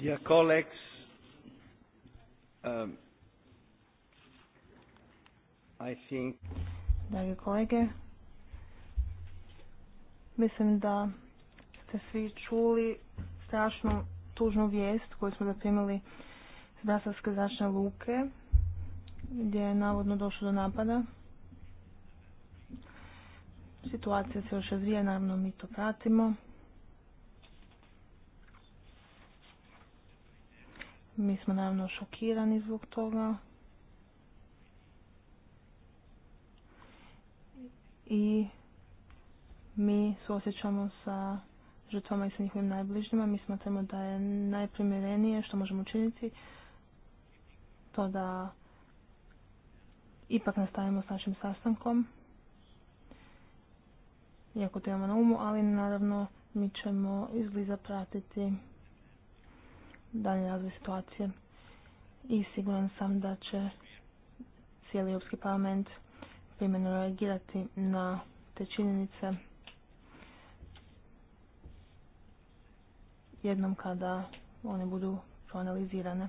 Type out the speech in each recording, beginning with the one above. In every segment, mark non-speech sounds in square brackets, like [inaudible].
Dear colleagues, um, I think... Dragi kolege, mislim da ste svi čuli strašnu tužnu vijest koju smo zaprimili s Dasarske zračne luke, gdje je navodno došlo do napada. Situacija se još razvija, naravno mi to pratimo. Mi smo naravno šokirani zbog toga. I mi suosjećamo sa žrtvama i sa njihovim najbližnjima. Mi smatramo da je najprimjerenije što možemo učiniti to da ipak nastavimo s našim sastankom. Iako to imamo na umu, ali naravno mi ćemo izgliza pratiti dalje razvoj situacije i siguran sam da će cijeli Europski parlament primjerno reagirati na te činjenice jednom kada one budu proanalizirane.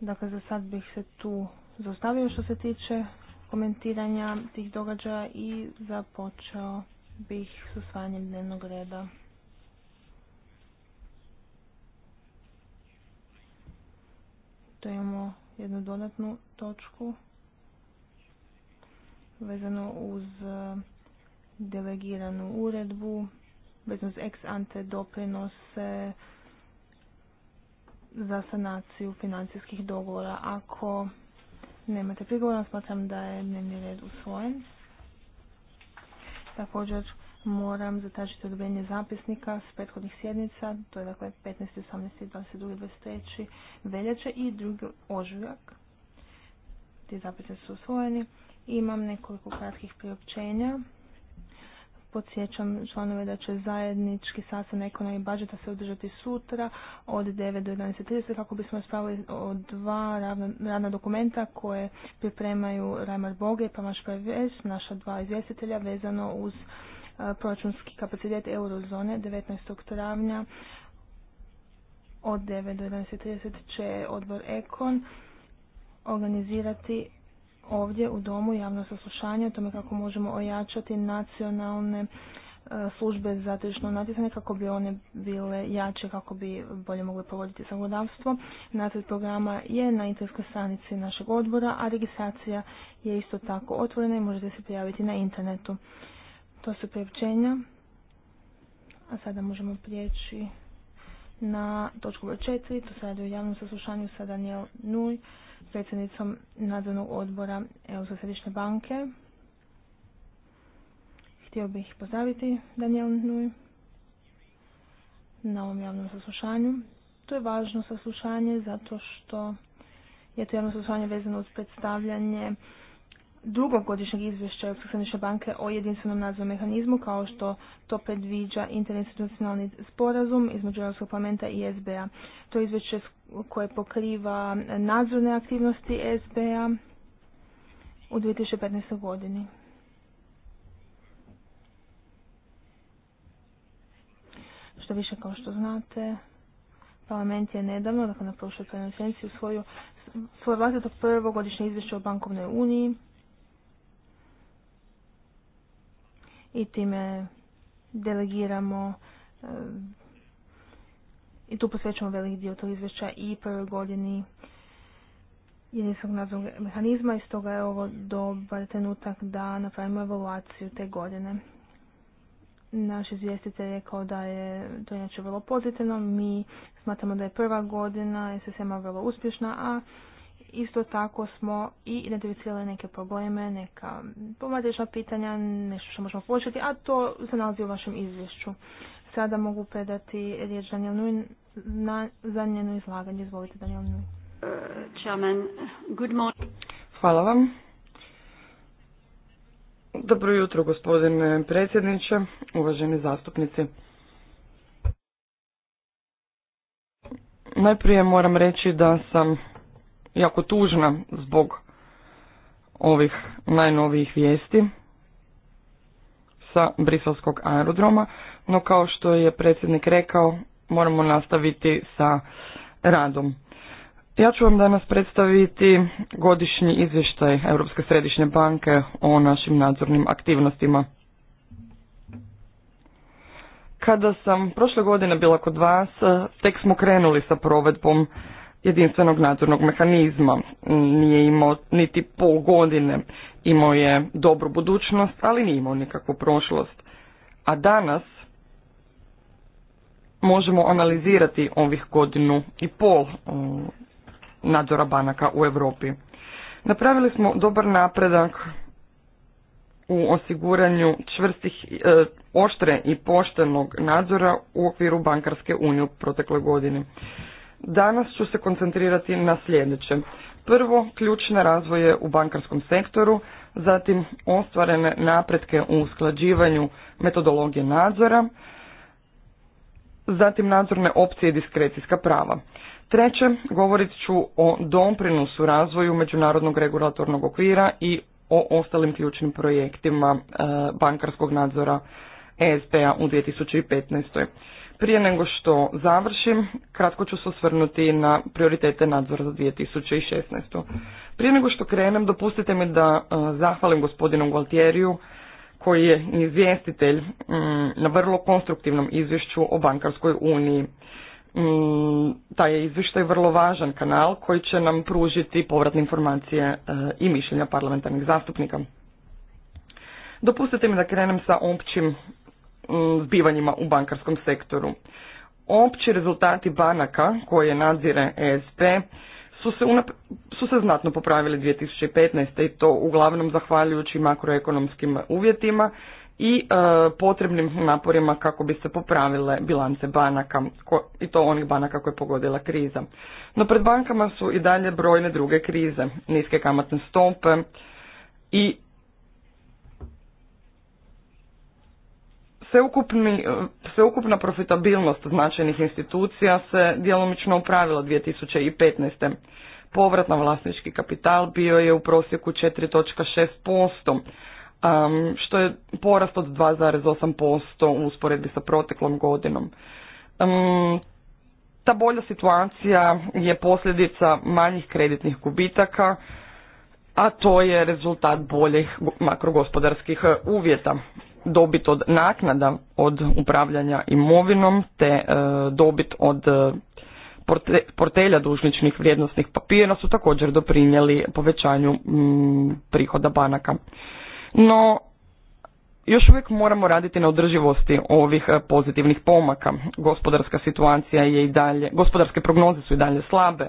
Dakle, za sad bih se tu zaustavio što se tiče komentiranja tih događaja i započeo bih s usvajanjem dnevnog reda. To imamo jednu dodatnu točku vezano uz e, delegiranu uredbu, vezano uz ex ante doprinose za sanaciju financijskih dogovora. Ako nemate prigovora, smatram da je dnevni red usvojen. Također moram zatražiti odobrenje zapisnika s prethodnih sjednica, to je dakle 15. 18. 22. 23. veljače i drugi ožujak. Ti zapise su usvojeni. Imam nekoliko kratkih priopćenja. Podsjećam članove da će zajednički sastanak nekona i budžeta se održati sutra od 9 do 11.30 kako bismo raspravili o dva radna, dokumenta koje pripremaju Rajmar Boge i Pamaš već, naša dva izvjestitelja vezano uz proračunski kapacitet eurozone 19. travnja od 9 do 11.30 će odbor Ekon organizirati ovdje u domu javno saslušanje o tome kako možemo ojačati nacionalne e, službe za tržišno natjecanje kako bi one bile jače, kako bi bolje mogle provoditi zagodavstvo. Nacred programa je na internetskoj stranici našeg odbora, a registracija je isto tako otvorena i možete se prijaviti na internetu. To su priopćenja. A sada možemo prijeći na točku broj četiri. To se radi o javnom saslušanju sa Daniel Nuj, predsjednicom nadzornog odbora Europske središnje banke. Htio bih pozdraviti Daniel Nuj na ovom javnom saslušanju. To je važno saslušanje zato što je to javno saslušanje vezano uz predstavljanje drugog godišnjeg izvješća Europske središnje banke o jedinstvenom nadzornom mehanizmu kao što to predviđa interinstitucionalni sporazum između Europskog parlamenta i SBA. To je izvješće koje pokriva nadzorne aktivnosti SBA u 2015. godini. Što više kao što znate, parlament je nedavno, dakle na prošloj plenarnoj sjednici, usvojio svoje vlastito prvo godišnje izvješće o bankovnoj uniji i time delegiramo e, i tu posvećamo velik dio tog izvješća i prvoj godini jedinstvenog nadzornog mehanizma i stoga je ovo dobar trenutak da napravimo evaluaciju te godine. Naš izvjestitelj je rekao da je to inače vrlo pozitivno. Mi smatramo da je prva godina SSM-a vrlo uspješna, a Isto tako smo i identificirali neke probleme, neka pomadežna pitanja, nešto što možemo početi, a to se nalazi u vašem izvješću. Sada mogu predati riječ Daniel na, za izlaganje. Izvolite Daniel Hvala vam. Dobro jutro gospodine predsjedniče, uvaženi zastupnici. Najprije moram reći da sam jako tužna zbog ovih najnovijih vijesti sa briselskog aerodroma, no kao što je predsjednik rekao, moramo nastaviti sa radom. Ja ću vam danas predstaviti godišnji izvještaj Europske središnje banke o našim nadzornim aktivnostima. Kada sam prošle godine bila kod vas, tek smo krenuli sa provedbom jedinstvenog nadzornog mehanizma. Nije imao niti pol godine, imao je dobru budućnost, ali nije imao nikakvu prošlost. A danas možemo analizirati ovih godinu i pol um, nadzora banaka u Europi. Napravili smo dobar napredak u osiguranju čvrstih, e, oštre i poštenog nadzora u okviru bankarske unije u protekloj godini. Danas ću se koncentrirati na sljedeće. Prvo, ključne razvoje u bankarskom sektoru, zatim ostvarene napretke u usklađivanju metodologije nadzora, zatim nadzorne opcije i diskrecijska prava. Treće, govorit ću o doprinosu razvoju međunarodnog regulatornog okvira i o ostalim ključnim projektima e, bankarskog nadzora ESP-a u 2015. Prije nego što završim, kratko ću se osvrnuti na prioritete nadzora za 2016. Prije nego što krenem, dopustite mi da e, zahvalim gospodinu Gualtieriju, koji je izvjestitelj mm, na vrlo konstruktivnom izvješću o bankarskoj uniji. Mm, taj je izvještaj vrlo važan kanal koji će nam pružiti povratne informacije e, i mišljenja parlamentarnih zastupnika. Dopustite mi da krenem sa općim Mm, zbivanjima u bankarskom sektoru. Opći rezultati banaka koje nadzire ESP su se, unap su se znatno popravili 2015. i to uglavnom zahvaljujući makroekonomskim uvjetima i e, potrebnim naporima kako bi se popravile bilance banaka i to onih banaka koje je pogodila kriza. No pred bankama su i dalje brojne druge krize, niske kamatne stope i Sveukupni, e, sveukupna profitabilnost značajnih institucija se djelomično upravila 2015. Povrat na vlasnički kapital bio je u prosjeku 4.6%, što je porast od 2,8% u usporedbi sa proteklom godinom. Ta bolja situacija je posljedica manjih kreditnih gubitaka, a to je rezultat boljih makrogospodarskih uvjeta dobit od naknada od upravljanja imovinom te e, dobit od e, portelja dužničnih vrijednosnih papira su također doprinijeli povećanju mm, prihoda banaka. No, još uvijek moramo raditi na održivosti ovih e, pozitivnih pomaka. Gospodarska situacija je i dalje, gospodarske prognoze su i dalje slabe,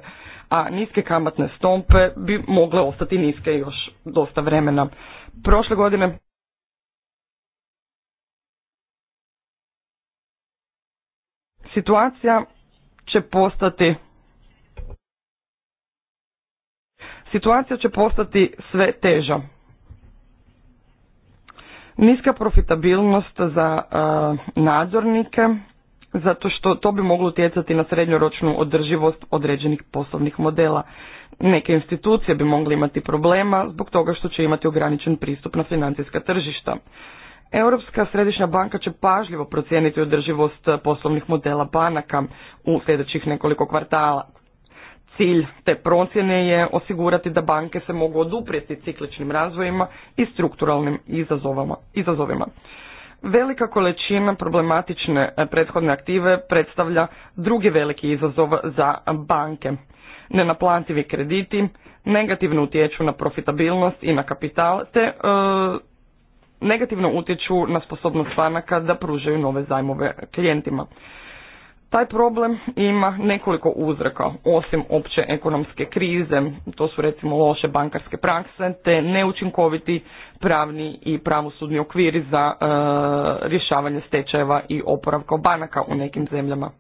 a niske kamatne stompe bi mogle ostati niske još dosta vremena. Prošle godine situacija će postati situacija će postati sve teža. Niska profitabilnost za uh, nadzornike, zato što to bi moglo utjecati na srednjoročnu održivost određenih poslovnih modela. Neke institucije bi mogle imati problema zbog toga što će imati ograničen pristup na financijska tržišta. Europska središnja banka će pažljivo procijeniti održivost poslovnih modela banaka u sljedećih nekoliko kvartala. Cilj te procjene je osigurati da banke se mogu oduprijeti cikličnim razvojima i strukturalnim izazovima. Velika količina problematične prethodne aktive predstavlja drugi veliki izazov za banke. Nenaplantivi krediti negativno utječu na profitabilnost i na kapital te e, negativno utječu na sposobnost banaka da pružaju nove zajmove klijentima. Taj problem ima nekoliko uzroka, osim opće ekonomske krize, to su recimo loše bankarske prakse, te neučinkoviti pravni i pravosudni okviri za e, rješavanje stečajeva i oporavka banaka u nekim zemljama.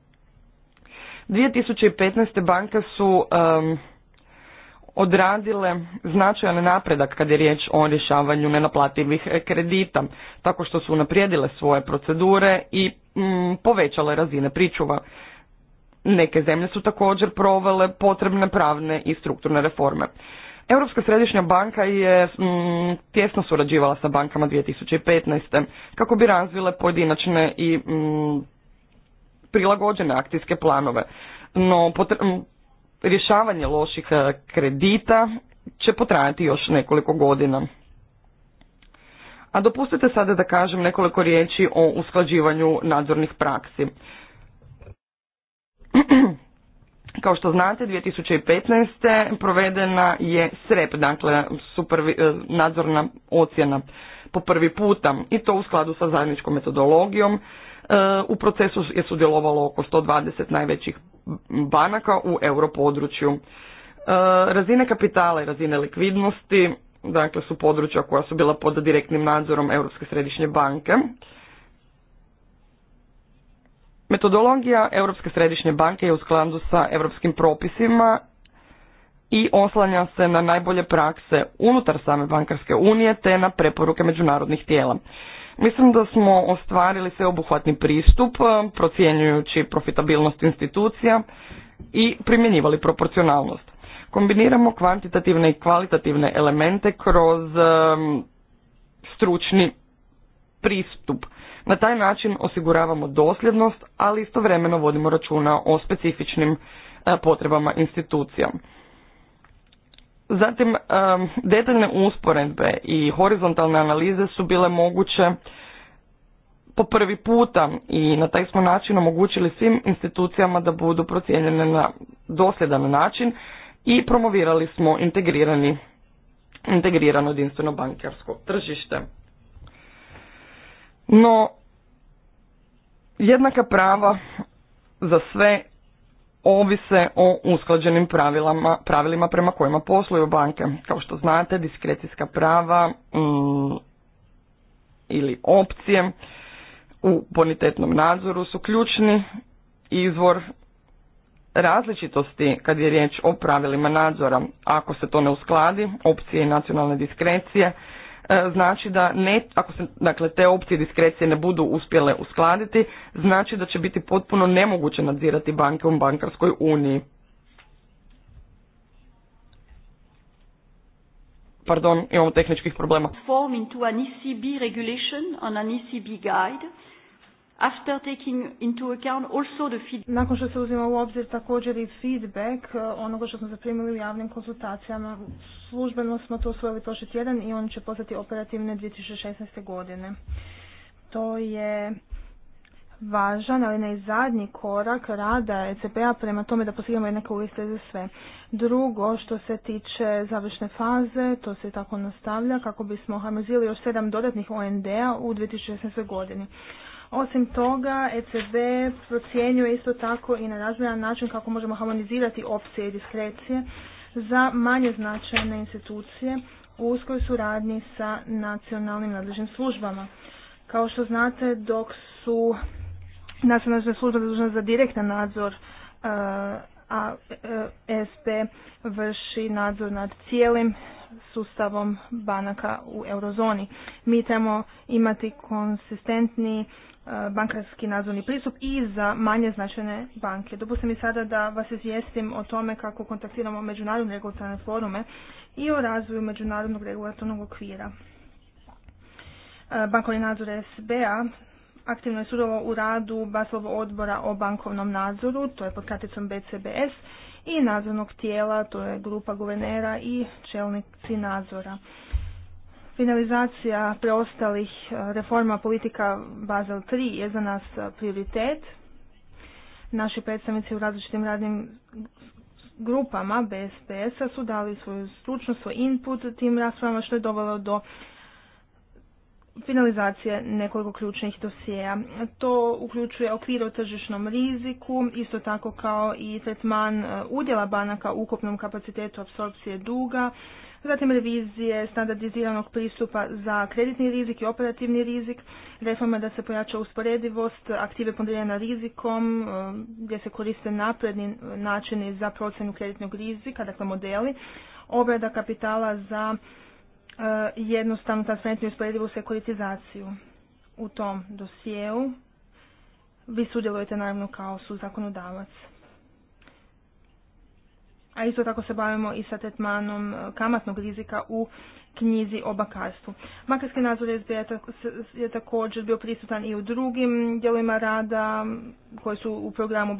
2015. banke su odradile značajan napredak kad je riječ o rješavanju nenaplativih e, kredita, tako što su unaprijedile svoje procedure i mm, povećale razine pričuva. Neke zemlje su također provele potrebne pravne i strukturne reforme. Europska središnja banka je mm, tjesno surađivala sa bankama 2015. kako bi razvile pojedinačne i mm, prilagođene akcijske planove. No, mm, rješavanje loših e, kredita će potrajati još nekoliko godina. A dopustite sada da kažem nekoliko riječi o usklađivanju nadzornih praksi. [clears throat] Kao što znate, 2015. provedena je SREP, dakle supervi, e, nadzorna ocjena po prvi puta i to u skladu sa zajedničkom metodologijom E, u procesu je sudjelovalo oko 120 najvećih banaka u europodručju. E, razine kapitala i razine likvidnosti dakle su područja koja su bila pod direktnim nadzorom Europske središnje banke. Metodologija Europske središnje banke je u skladu sa europskim propisima i oslanja se na najbolje prakse unutar same bankarske unije te na preporuke međunarodnih tijela. Mislim da smo ostvarili sveobuhvatni pristup e, procjenjujući profitabilnost institucija i primjenjivali proporcionalnost. Kombiniramo kvantitativne i kvalitativne elemente kroz e, stručni pristup. Na taj način osiguravamo dosljednost, ali istovremeno vodimo računa o specifičnim e, potrebama institucija. Zatim, detaljne usporedbe i horizontalne analize su bile moguće po prvi puta i na taj smo način omogućili svim institucijama da budu procijenjene na dosljedan način i promovirali smo integrirani, integrirano jedinstveno bankarsko tržište. No, jednaka prava za sve ovise o usklađenim pravilima prema kojima posluju banke. Kao što znate, diskrecijska prava mm, ili opcije u bonitetnom nadzoru su ključni izvor različitosti kad je riječ o pravilima nadzora. Ako se to ne uskladi, opcije i nacionalne diskrecije E, znači da ne, ako se dakle, te opcije diskrecije ne budu uspjele uskladiti, znači da će biti potpuno nemoguće nadzirati banke u bankarskoj uniji. Pardon, imamo tehničkih problema. Form into an ECB regulation on an ECB guide after taking into account also Nakon što se uzima u obzir također i feedback eh, onoga što smo zaprimili u javnim konsultacijama, službeno smo to usvojili prošli tjedan i on će postati operativne 2016. godine. To je važan, ali ne i zadnji korak rada ECP-a prema tome da postignemo jednake uvjete za sve. Drugo, što se tiče završne faze, to se tako nastavlja kako bismo harmonizirali još sedam dodatnih OND-a u 2016. godini. Osim toga, ECB procjenjuje isto tako i na razvojan način kako možemo harmonizirati opcije i diskrecije za manje značajne institucije u uskoj suradnji sa nacionalnim nadležnim službama. Kao što znate, dok su nacionalne službe zadužene za direktan nadzor eh, a ESP eh, e vrši nadzor nad cijelim sustavom banaka u eurozoni. Mi trebamo imati konsistentni E, bankarski nadzorni pristup i za manje značajne banke. dopustite mi sada da vas izvijestim o tome kako kontaktiramo međunarodne regulatorne forume i o razvoju međunarodnog regulatornog okvira. E, bankovni nadzor SBA aktivno je sudovao u radu Baslovo odbora o bankovnom nadzoru, to je pod kraticom BCBS, i nadzornog tijela, to je grupa guvernera i čelnici nadzora. Finalizacija preostalih e, reforma politika Basel 3 je za nas e, prioritet. Naši predstavnici u različitim radnim grupama BSPS-a su dali svoju stručnost, svoj input tim raspravama što je dovelo do finalizacije nekoliko ključnih dosijeja. To uključuje okvir o tržišnom riziku, isto tako kao i tretman e, udjela banaka u ukupnom kapacitetu apsorpcije duga, zatim revizije standardiziranog pristupa za kreditni rizik i operativni rizik, reforma da se pojača usporedivost, aktive na rizikom, e, gdje se koriste napredni načini za procjenu kreditnog rizika, dakle modeli, obrada kapitala za e, jednostavnu transparentnu usporedivu sekuritizaciju. U tom dosjeu vi sudjelujete naravno kao su zakonodavac a isto tako se bavimo i sa tretmanom e, kamatnog rizika u knjizi o bakarstvu. Bakarski nadzor SBA je također bio prisutan i u drugim dijelovima rada koji su u programu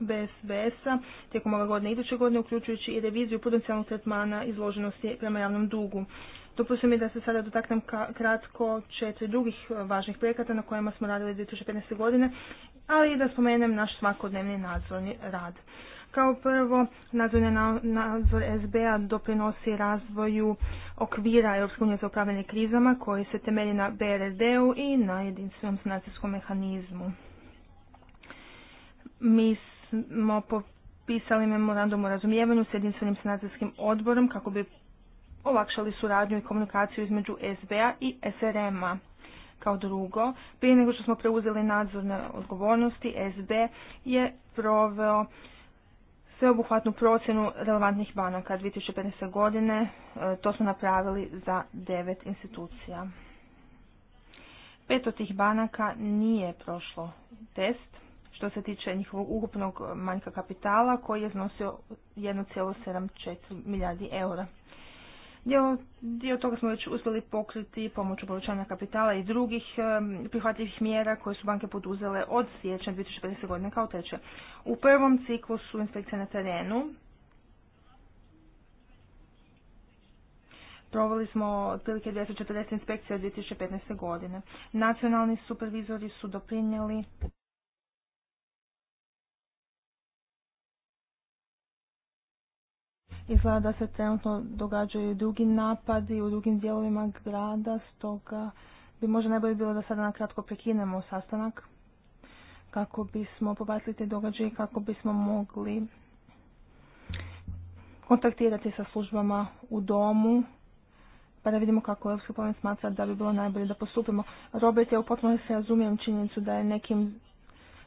BSBS-a tijekom ove godine iduće godine, uključujući i reviziju potencijalnog tretmana izloženosti prema javnom dugu. Dopustite mi da se sada dotaknem kratko četiri drugih e, važnih projekata na kojima smo radili 2015. godine, ali i da spomenem naš svakodnevni nadzorni rad. Kao prvo, nadzorni nadzor SBA doprinosi razvoju okvira Europske unije za upravljanje krizama koji se temelji na BRD-u i na jedinstvenom sanacijskom mehanizmu. Mi smo potpisali memorandum o razumijevanju s jedinstvenim sanacijskim odborom kako bi olakšali suradnju i komunikaciju između SBA i SRM-a. Kao drugo, prije nego što smo preuzeli nadzor na odgovornosti, SB je proveo sveobuhvatnu procjenu relevantnih banaka 2015. godine. E, to smo napravili za devet institucija. Pet od tih banaka nije prošlo test što se tiče njihovog ukupnog manjka kapitala koji je iznosio 1,74 milijardi eura. Dio, dio toga smo već uspjeli pokriti pomoću povećanja kapitala i drugih prihvatljivih mjera koje su banke poduzele od siječnja 2050. godine kao teče. U prvom ciklu su inspekcije na terenu. Proveli smo otprilike 240 inspekcija od 2015. godine. Nacionalni supervizori su doprinijeli Izgleda da se trenutno događaju drugi napadi u drugim dijelovima grada, stoga bi možda najbolje bilo da sada nakratko prekinemo sastanak kako bismo pobacili te događaje i kako bismo mogli kontaktirati sa službama u domu pa da vidimo kako Europski parlament smatra da bi bilo najbolje da postupimo. Robert, ja u potpuno se razumijem činjenicu da je nekim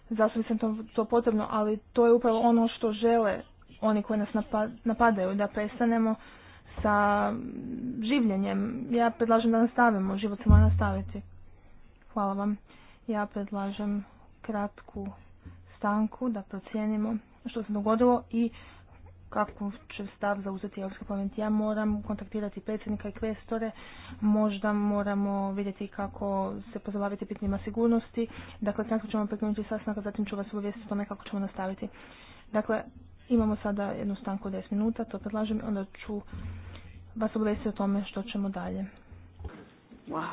zastupnicima to potrebno, ali to je upravo ono što žele oni koji nas napadaju, da prestanemo sa življenjem. Ja predlažem da nastavimo, život se mora nastaviti. Hvala vam. Ja predlažem kratku stanku da procijenimo što se dogodilo i kako će stav zauzeti Europski parlament. Ja moram kontaktirati predsjednika i kvestore, možda moramo vidjeti kako se pozabaviti pitanjima sigurnosti. Dakle, kratko ćemo sastanak, zatim ću vas uvijestiti o nekako kako ćemo nastaviti. Dakle, Imamo sada jednu stanku od 10 minuta, to predlažem, onda ću vas obavesti o tome što ćemo dalje. Wow.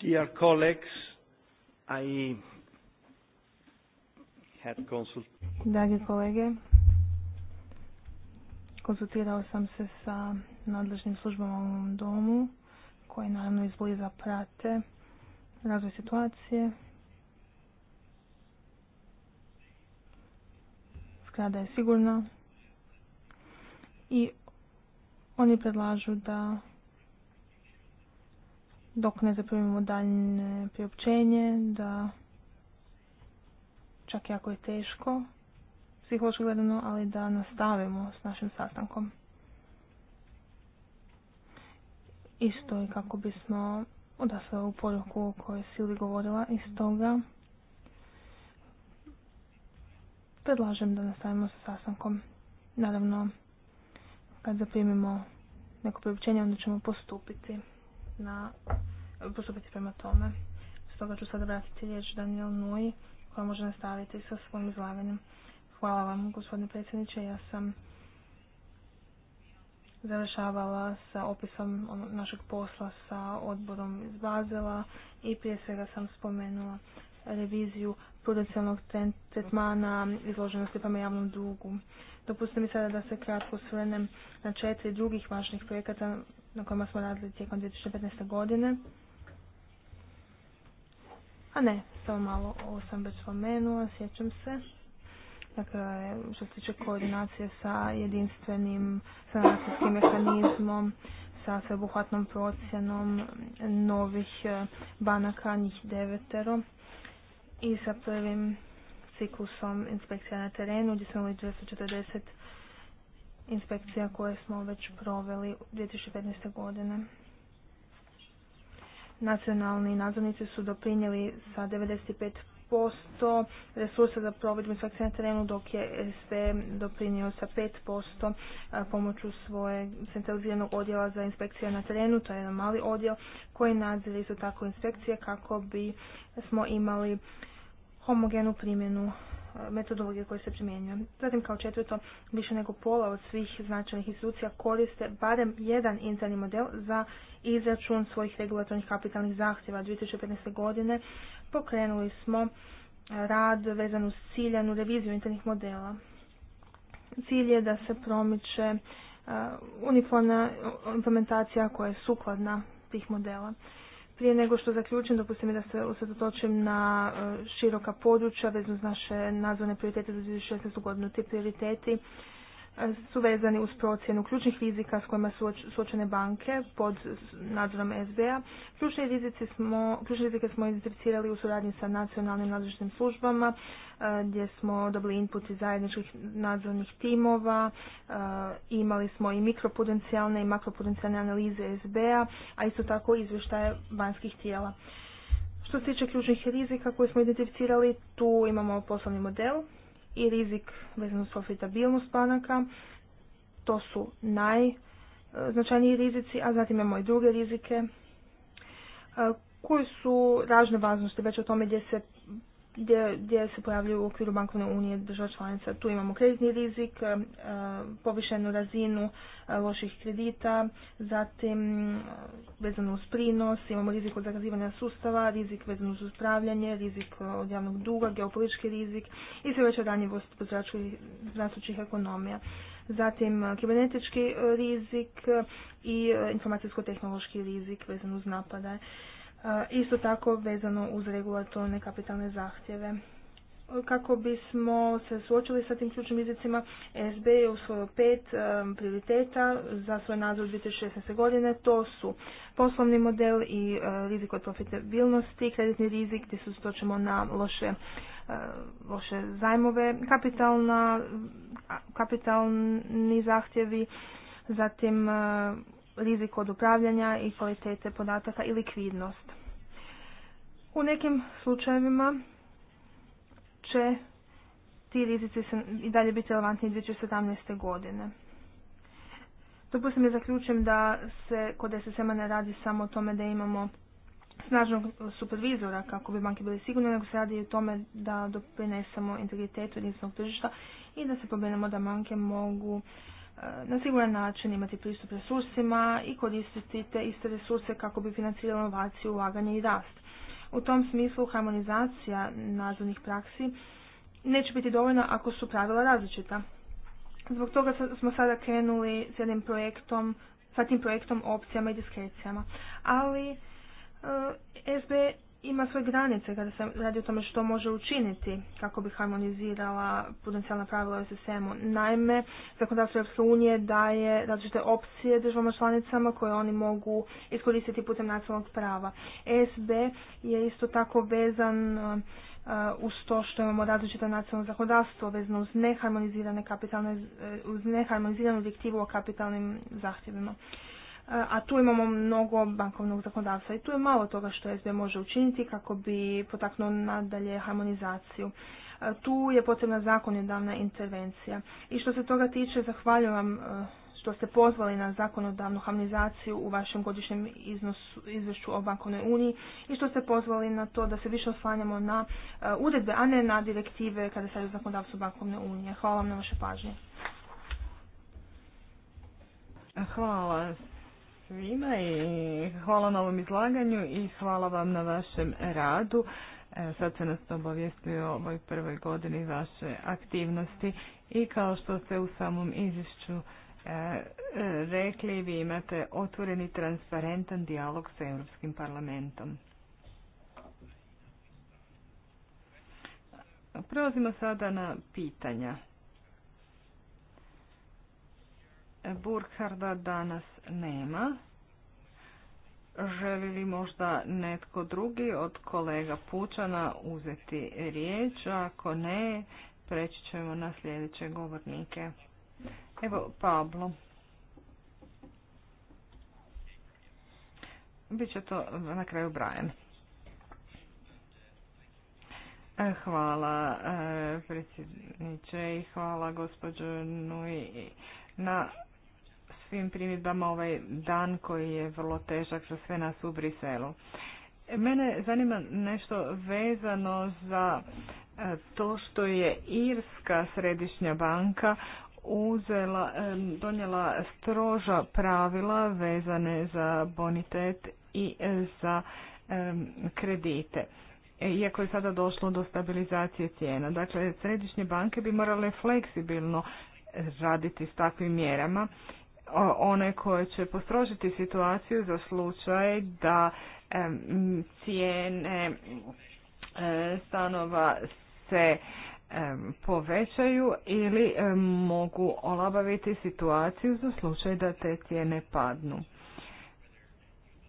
Dear colleagues, I had Dragi kolege, konsultirao sam se sa nadležnim službama u ovom domu, koji naravno izbliza prate razvoj situacije. Zgrada je sigurna i oni predlažu da dok ne zaprimimo daljne priopćenje, da čak jako je teško, psihološko gledano, ali da nastavimo s našim sastankom. Isto i kako bismo odasle u poruku o si uvijek govorila iz toga predlažem da nastavimo sa sastankom. Naravno, kad zaprimimo neko priopćenje, onda ćemo postupiti na postupiti prema tome. Stoga ću sada vratiti riječ Daniel Nui koja može nastaviti sa svojim izlaganjem. Hvala vam gospodine predsjedniče. Ja sam završavala sa opisom ono, našeg posla sa odborom iz Bazela i prije svega sam spomenula reviziju prudencijalnog tretmana izloženosti prema javnom dugu. Dopustite mi sada da se kratko svrnem na četiri drugih važnih projekata na kojima smo radili tijekom 2015. godine. A ne, samo malo, ovo sam već spomenula, sjećam se. Dakle, što se tiče koordinacije sa jedinstvenim sanacijskim mehanizmom, sa sveobuhvatnom procjenom novih e, banaka, njih devetero, i sa prvim ciklusom inspekcija na terenu, gdje smo imali 240 inspekcija koje smo već proveli 2015. godine. Nacionalni nadzornici su doprinijeli sa 95% resursa za provedbu inspekcije na terenu, dok je SP doprinio sa 5% pomoću svoje centraliziranog odjela za inspekcije na terenu, to je jedan mali odjel koji nadzire su tako inspekcije kako bi smo imali homogenu primjenu metodologije koje se primjenjuje. Zatim kao četvrto, više nego pola od svih značajnih institucija koriste barem jedan interni model za izračun svojih regulatornih kapitalnih zahtjeva. 2015. godine pokrenuli smo e, rad vezan uz ciljanu reviziju internih modela. Cilj je da se promiče e, uniformna implementacija koja je sukladna tih modela. Prije nego što zaključim, dopustite mi da se usredotočim na e, široka područja vezano uz naše nadzorne prioritete za 2016. godinu. Ti prioriteti su vezani uz procjenu ključnih rizika s kojima su suočene banke pod nadzorom SBA. Ključne rizike smo, ključne smo identificirali u suradnji sa nacionalnim nadležnim službama e, gdje smo dobili input iz zajedničkih nadzornih timova, e, imali smo i mikropotencijalne i makropotencijalne analize SBA, a isto tako izvještaje banskih tijela. Što se tiče ključnih rizika koje smo identificirali, tu imamo poslovni model i rizik vezan uz profitabilnost banaka. To su najznačajniji rizici, a zatim imamo i druge rizike koje su ražne važnosti, već o tome gdje se gdje, gdje se pojavljuju u okviru bankovne unije država članica. Tu imamo kreditni rizik, e, povišenu razinu e, loših kredita, zatim e, vezano uz prinos, imamo rizik od zakazivanja sustava, rizik vezano uz upravljanje, rizik od javnog duga, geopolitički rizik i sve veća ranjivost potračućih ekonomija. Zatim kibernetički rizik i informacijsko-tehnološki rizik vezan uz napadaje isto tako vezano uz regulatorne kapitalne zahtjeve. Kako bismo se suočili sa tim ključnim izicima, SB je usvojio pet prioriteta za svoj nadzor 2016. godine. To su poslovni model i rizik od profitabilnosti, kreditni rizik gdje se stočimo na loše loše zajmove, kapitalna, kapitalni zahtjevi, zatim rizik od upravljanja i kvalitete podataka i likvidnost. U nekim slučajevima će ti rizici i dalje biti relevantni 2017. godine. Dopustim da zaključim da se kod SSM-a ne radi samo o tome da imamo snažnog supervizora kako bi banke bile sigurne, nego se radi i o tome da doprinesemo integritetu jedinstvenog tržišta i da se pobrinemo da banke mogu na siguran način imati pristup resursima i koristiti te iste resurse kako bi financirali inovaciju, ulaganje i rast. U tom smislu harmonizacija nadzornih praksi neće biti dovoljna ako su pravila različita. Zbog toga smo sada krenuli s jednim projektom, sa tim projektom opcijama i diskrecijama. Ali eh, SB ima svoje granice kada se radi o tome što može učiniti kako bi harmonizirala potencijalna pravila u SSM-u. Naime, zakonodavstvo Europske unije daje različite opcije državama članicama koje oni mogu iskoristiti putem nacionalnog prava. ESB je isto tako vezan uh, uh, uz to što imamo različito nacionalno zakonodavstvo vezano uz neharmonizirane kapitalne, uh, uz neharmoniziranu direktivu o kapitalnim zahtjevima a tu imamo mnogo bankovnog zakonodavstva i tu je malo toga što SB može učiniti kako bi potaknuo nadalje harmonizaciju. E, tu je potrebna zakonodavna intervencija. I što se toga tiče, zahvaljujem vam e, što ste pozvali na zakonodavnu harmonizaciju u vašem godišnjem iznosu, izvješću o bankovnoj uniji i što ste pozvali na to da se više oslanjamo na e, uredbe, a ne na direktive kada se o zakonodavstvu bankovne unije. Hvala vam na vaše pažnje. Hvala svima i hvala na ovom izlaganju i hvala vam na vašem radu. E, sad se nas obavijestili o ovoj prvoj godini vaše aktivnosti i kao što ste u samom izvješću e, rekli, vi imate otvoreni transparentan dijalog sa Europskim parlamentom. Prelazimo sada na pitanja. Burkharda danas nema. Želi li možda netko drugi od kolega Pučana uzeti riječ? Ako ne, preći ćemo na sljedeće govornike. Evo, Pablo. Biće to na kraju Brian. Hvala eh, predsjedniče i hvala gospođu Nui na svim primjedbama ovaj dan koji je vrlo težak za sve nas u Briselu. Mene zanima nešto vezano za e, to što je Irska središnja banka uzela, e, donijela stroža pravila vezane za bonitet i e, za kredite. Iako je sada došlo do stabilizacije cijena. Dakle, središnje banke bi morale fleksibilno raditi s takvim mjerama one koje će postrožiti situaciju za slučaj da cijene e, stanova se povećaju ili mogu olabaviti situaciju za slučaj da te cijene padnu.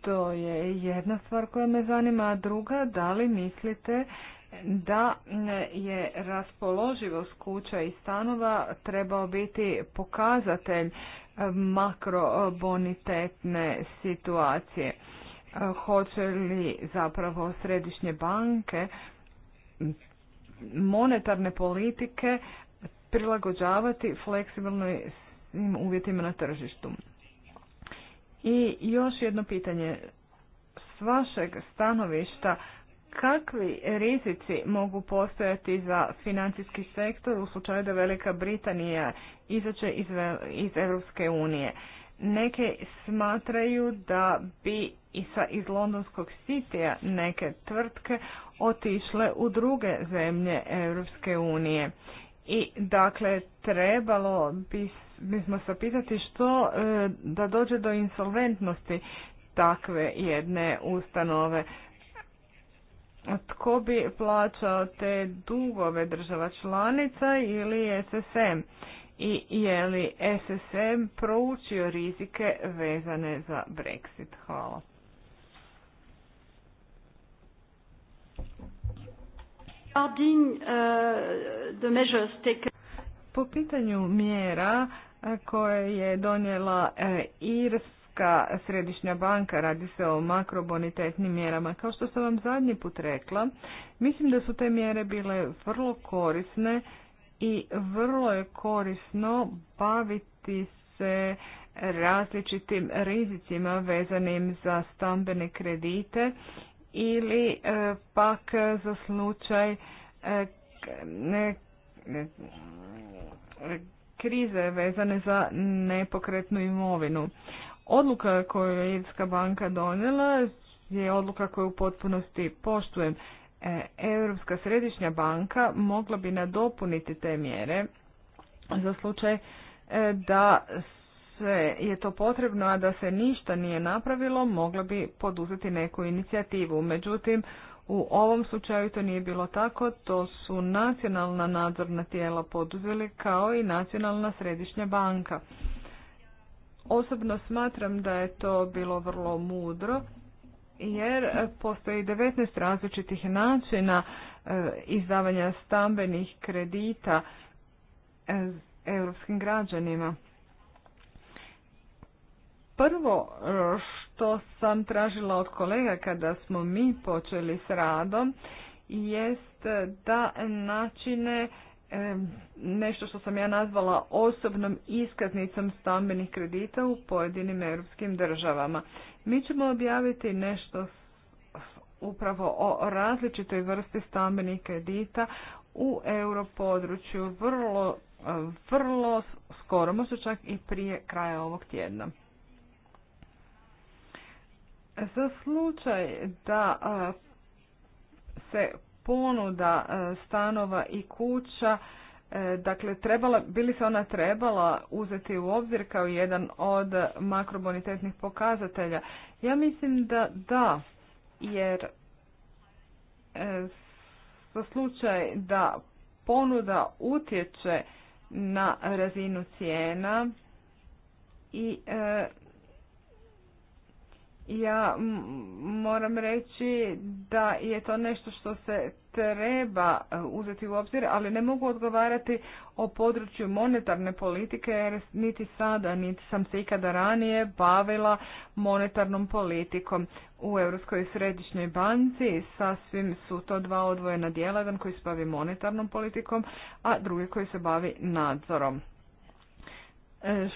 To je jedna stvar koja me zanima, a druga, da li mislite da je raspoloživost kuća i stanova trebao biti pokazatelj makrobonitetne situacije. E, hoće li zapravo središnje banke monetarne politike prilagođavati fleksibilnim uvjetima na tržištu. I još jedno pitanje. S vašeg stanovišta kakvi rizici mogu postojati za financijski sektor u slučaju da Velika Britanija izađe iz, iz Europske unije. Neke smatraju da bi i sa iz londonskog sitija neke tvrtke otišle u druge zemlje Europske unije. I dakle trebalo bi bismo se pitati što e, da dođe do insolventnosti takve jedne ustanove tko bi plaćao te dugove država članica ili SSM i je li SSM proučio rizike vezane za Brexit? Hvala. Uh, po pitanju mjera uh, koje je donijela uh, IRS Europska središnja banka, radi se o makrobonitetnim mjerama. Kao što sam vam zadnji put rekla, mislim da su te mjere bile vrlo korisne i vrlo je korisno baviti se različitim rizicima vezanim za stambene kredite ili e, pak za slučaj e, krize vezane za nepokretnu imovinu. Odluka koju je Irska banka donijela je odluka koju u potpunosti poštujem. E, Europska središnja banka mogla bi nadopuniti te mjere za slučaj e, da se je to potrebno, a da se ništa nije napravilo, mogla bi poduzeti neku inicijativu. Međutim, u ovom slučaju to nije bilo tako, to su nacionalna nadzorna tijela poduzeli kao i nacionalna središnja banka. Osobno smatram da je to bilo vrlo mudro jer postoji 19 različitih načina e, izdavanja stambenih kredita e, europskim građanima. Prvo e, što sam tražila od kolega kada smo mi počeli s radom jest da načine nešto što sam ja nazvala osobnom iskaznicom stambenih kredita u pojedinim europskim državama. Mi ćemo objaviti nešto upravo o različitoj vrsti stambenih kredita u europodručju vrlo, vrlo skoro, možda čak i prije kraja ovog tjedna. Za slučaj da se ponuda e, stanova i kuća, e, dakle trebala, bili se ona trebala uzeti u obzir kao jedan od makrobonitetnih pokazatelja? Ja mislim da da, jer e, za slučaj da ponuda utječe na razinu cijena i ja moram reći da je to nešto što se treba e, uzeti u obzir, ali ne mogu odgovarati o području monetarne politike jer niti sada, niti sam se ikada ranije bavila monetarnom politikom u Europskoj središnjoj banci. Sasvim su to dva odvojena dijela, jedan koji se bavi monetarnom politikom, a drugi koji se bavi nadzorom. E,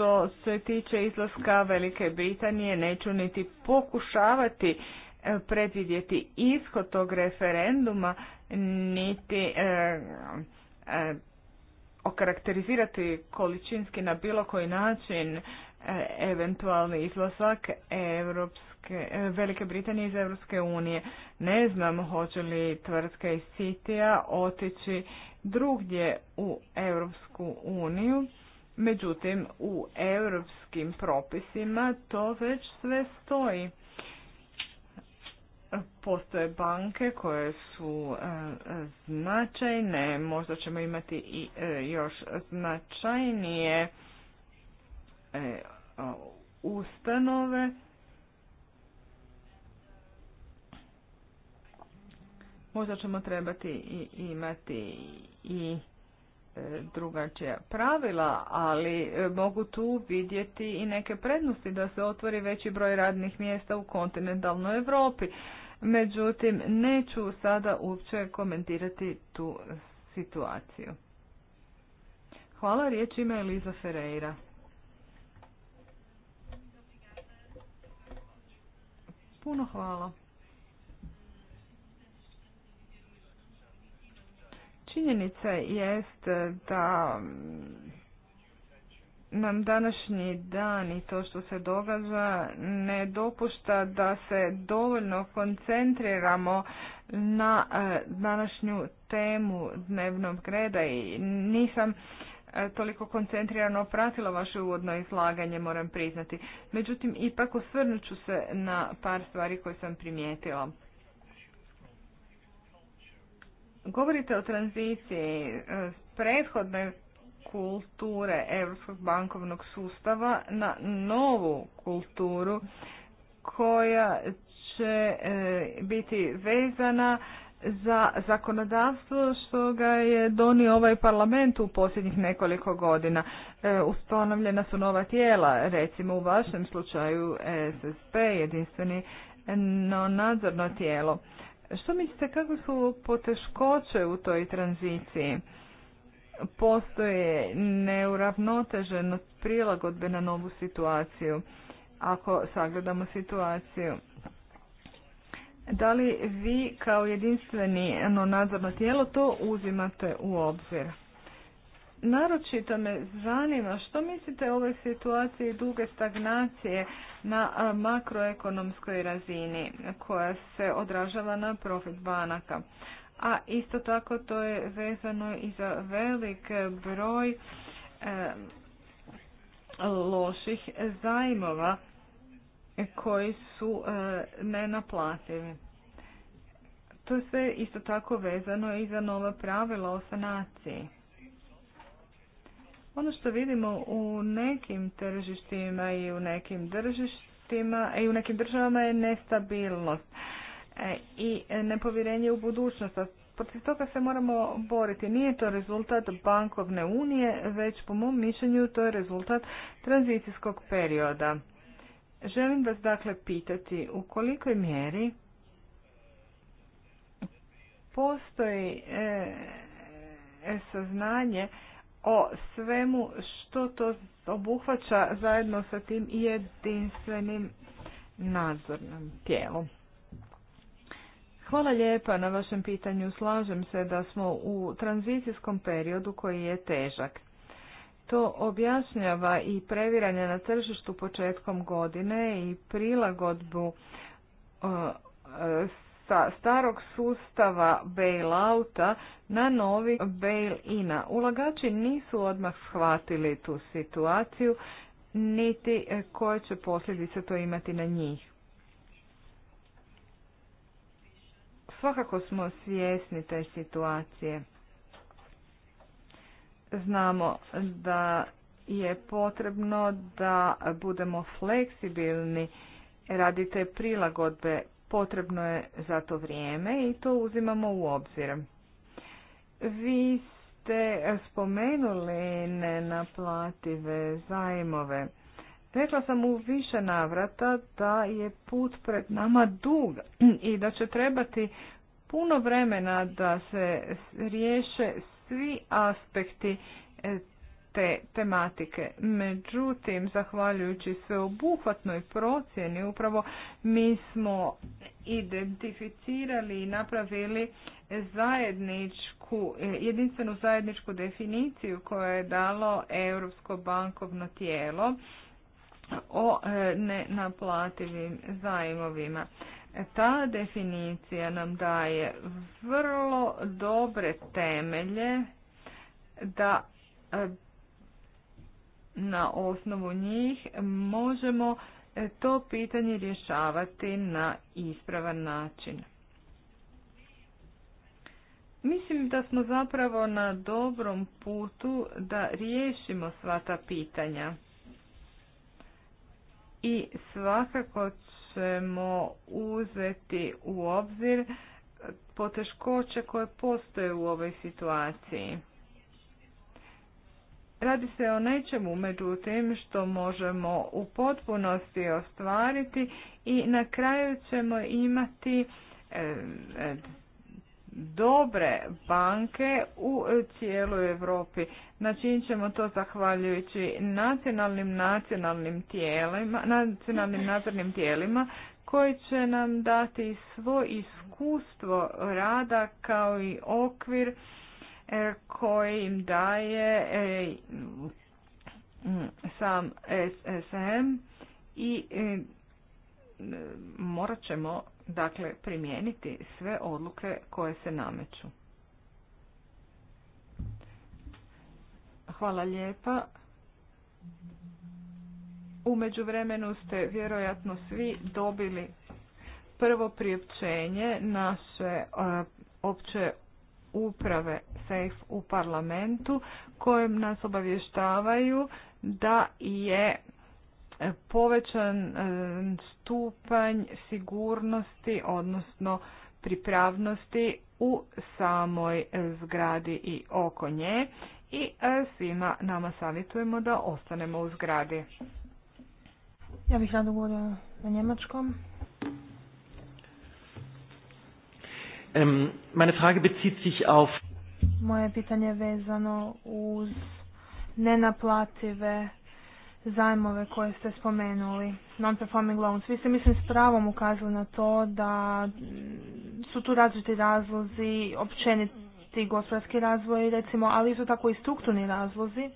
što se tiče izlaska Velike Britanije, neću niti pokušavati e, predvidjeti ishod tog referenduma, niti e, e, okarakterizirati količinski na bilo koji način e, eventualni izlazak Evropske, e, Velike Britanije iz Europske unije. Ne znam hoće li tvrtka iz Citija otići drugdje u Europsku uniju Međutim, u europskim propisima to već sve stoji. Postoje banke koje su e, značajne, možda ćemo imati i e, još značajnije e, ustanove. Možda ćemo trebati i imati i E, drugačija pravila, ali e, mogu tu vidjeti i neke prednosti da se otvori veći broj radnih mjesta u kontinentalnoj Europi. Međutim, neću sada uopće komentirati tu situaciju. Hvala, riječ ima Eliza Ferreira. Puno hvala. Činjenica jest da mm, nam današnji dan i to što se događa ne dopušta da se dovoljno koncentriramo na e, današnju temu dnevnog reda i nisam e, toliko koncentrirano pratila vaše uvodno izlaganje, moram priznati. Međutim, ipak osvrnut ću se na par stvari koje sam primijetila. Govorite o tranziciji e, prethodne kulture Evropskog bankovnog sustava na novu kulturu koja će e, biti vezana za zakonodavstvo što ga je donio ovaj parlament u posljednjih nekoliko godina. E, ustanovljena su nova tijela, recimo u vašem slučaju SSP, jedinstveni nadzorno tijelo. Što mislite, kakve su poteškoće u toj tranziciji? Postoje neuravnoteženost prilagodbe na novu situaciju, ako sagledamo situaciju. Da li vi kao jedinstveni ono, nadzorno tijelo to uzimate u obzir? Naročito me zanima što mislite o ovoj situaciji duge stagnacije na makroekonomskoj razini koja se odražava na profit banaka. A isto tako to je vezano i za velik broj e, loših zajmova koji su e, nenaplativi. To se sve isto tako vezano i za nova pravila o sanaciji. Ono što vidimo u nekim tržištima i u nekim držištima i u nekim državama je nestabilnost e, i nepovjerenje u budućnost. Protiv toga se moramo boriti. Nije to rezultat bankovne unije, već po mom mišljenju to je rezultat tranzicijskog perioda. Želim vas dakle pitati u kolikoj mjeri postoji e, e saznanje o svemu što to obuhvaća zajedno sa tim jedinstvenim nadzornim tijelom. Hvala lijepa na vašem pitanju. Slažem se da smo u tranzicijskom periodu koji je težak. To objašnjava i previranje na tržištu početkom godine i prilagodbu e, starog sustava bailouta na novi bail-ina. Ulagači nisu odmah shvatili tu situaciju, niti e, koje će posljedice to imati na njih. Svakako smo svjesni te situacije. Znamo da je potrebno da budemo fleksibilni radi te prilagodbe Potrebno je za to vrijeme i to uzimamo u obzir. Vi ste spomenuli nenaplative zajmove. Rekla sam u više navrata da je put pred nama dug i da će trebati puno vremena da se riješe svi aspekti te tematike. Međutim, zahvaljujući sveobuhvatnoj procjeni, upravo mi smo identificirali i napravili zajedničku, e, jedinstvenu zajedničku definiciju koje je dalo Europsko bankovno tijelo o e, nenaplativim zajmovima. E, ta definicija nam daje vrlo dobre temelje da na osnovu njih možemo e, to pitanje rješavati na ispravan način. Mislim da smo zapravo na dobrom putu da riješimo sva ta pitanja. I svakako ćemo uzeti u obzir poteškoće koje postoje u ovoj situaciji. Radi se o nečemu međutim što možemo u potpunosti ostvariti i na kraju ćemo imati e, e, dobre banke u cijeloj Europi. Načinit ćemo to zahvaljujući nacionalnim nacionalnim tijelima, nacionalnim nadzornim tijelima koji će nam dati svo iskustvo rada kao i okvir E, koji im daje e, sam SSM i e, morat ćemo dakle primijeniti sve odluke koje se nameću. Hvala lijepa. U međuvremenu ste vjerojatno svi dobili prvo priopćenje naše opće uprave SAFE u parlamentu kojem nas obavještavaju da je povećan e, stupanj sigurnosti, odnosno pripravnosti u samoj zgradi i oko nje i e, svima nama savjetujemo da ostanemo u zgradi. Ja bih rado govorila na njemačkom. meine Frage bezieht sich auf moje pitanje vezano uz nenaplative zajmove koje ste spomenuli, non-performing loans. Vi ste, mislim, s pravom ukazali na to da su tu različiti razlozi, općeniti gospodarski razvoj, recimo, ali isto tako i strukturni razlozi. E,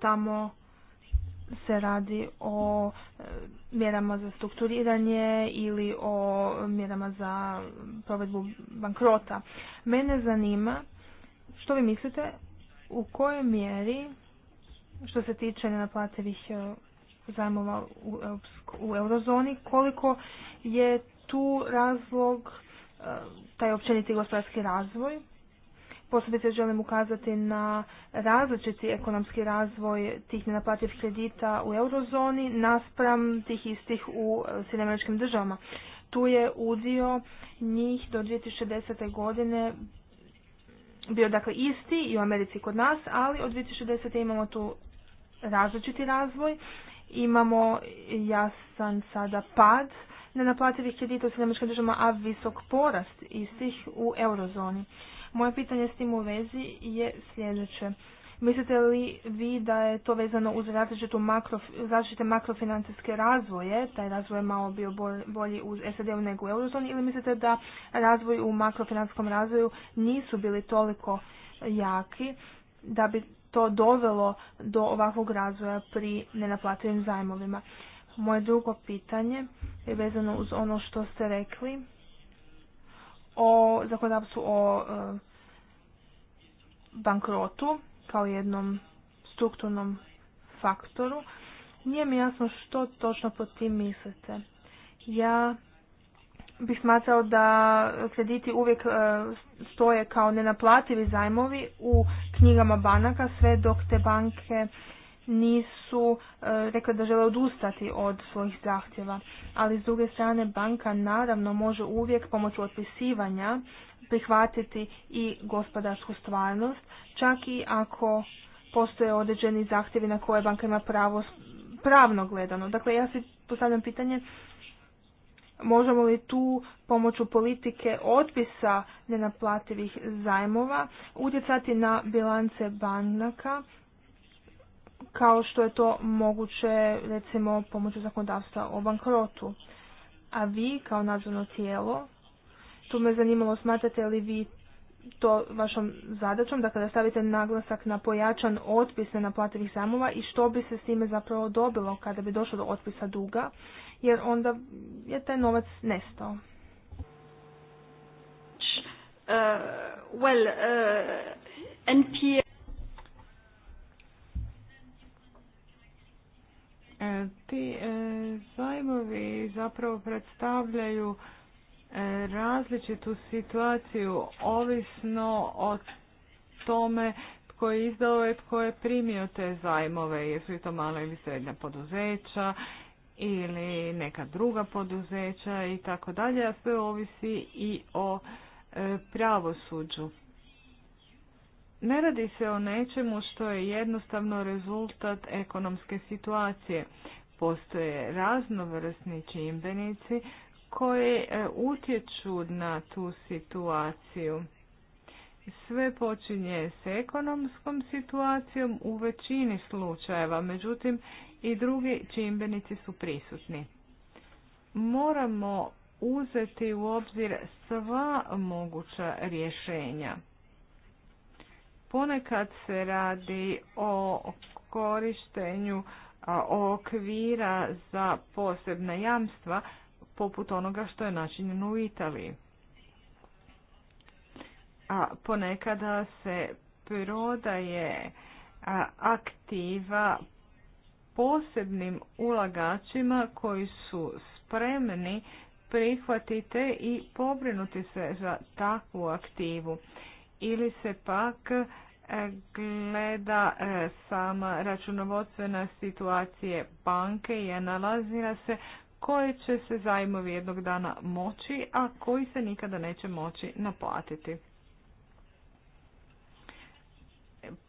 tamo se radi o e, mjerama za strukturiranje ili o mjerama za provedbu bankrota. Mene zanima što vi mislite u kojoj mjeri što se tiče nenaplativih e, zajmova u eurozoni, koliko je tu razlog e, taj općeniti gospodarski razvoj Posebice želim ukazati na različiti ekonomski razvoj tih nenaplativih kredita u eurozoni naspram tih istih u e, Sjedinjeničkim državama. Tu je udio njih do 2010. godine bio dakle isti i u Americi kod nas, ali od 2010. imamo tu različiti razvoj. Imamo jasan sada pad nenaplativih kredita u Sjedinjeničkim državama, a visok porast istih u eurozoni. Moje pitanje s tim u vezi je sljedeće. Mislite li vi da je to vezano uz različite, makro, različite makrofinancijske razvoje, taj razvoj je malo bio bolji uz SAD-u nego u Eurozoni, ili mislite da razvoj u makrofinancijskom razvoju nisu bili toliko jaki da bi to dovelo do ovakvog razvoja pri nenaplativim zajmovima? Moje drugo pitanje je vezano uz ono što ste rekli o zakonodavstvu o e, bankrotu kao jednom strukturnom faktoru. Nije mi jasno što točno pod tim mislite. Ja bih smatrao da krediti uvijek e, stoje kao nenaplativi zajmovi u knjigama banaka sve dok te banke nisu e, rekli da žele odustati od svojih zahtjeva. Ali s druge strane banka naravno može uvijek pomoću otpisivanja prihvatiti i gospodarsku stvarnost, čak i ako postoje određeni zahtjevi na koje banka ima pravo pravno gledano. Dakle, ja si postavljam pitanje možemo li tu pomoću politike otpisa nenaplativih zajmova utjecati na bilance banaka kao što je to moguće recimo pomoću zakonodavstva o bankrotu. A vi kao nadzorno tijelo me zanimalo smatrate li vi to vašom zadaćom, dakle da stavite naglasak na pojačan otpis nenaplativih zajmova i što bi se s time zapravo dobilo kada bi došlo do otpisa duga, jer onda je taj novac nestao. Uh, well, uh, e, Ti e, zajmovi zapravo predstavljaju različitu situaciju ovisno o tome tko je izdao i tko je primio te zajmove, jesu li to mala ili srednja poduzeća ili neka druga poduzeća i tako dalje, a sve ovisi i o e, pravosuđu. Ne radi se o nečemu što je jednostavno rezultat ekonomske situacije. Postoje raznovrsni čimbenici koje utječu na tu situaciju. Sve počinje s ekonomskom situacijom u većini slučajeva, međutim i drugi čimbenici su prisutni. Moramo uzeti u obzir sva moguća rješenja. Ponekad se radi o korištenju okvira za posebna jamstva, poput onoga što je načinjeno u Italiji. A ponekada se je aktiva posebnim ulagačima koji su spremni prihvatite i pobrinuti se za takvu aktivu. Ili se pak e, gleda e, sama računovodstvena situacije banke i analazira se koje će se zajmovi jednog dana moći, a koji se nikada neće moći naplatiti.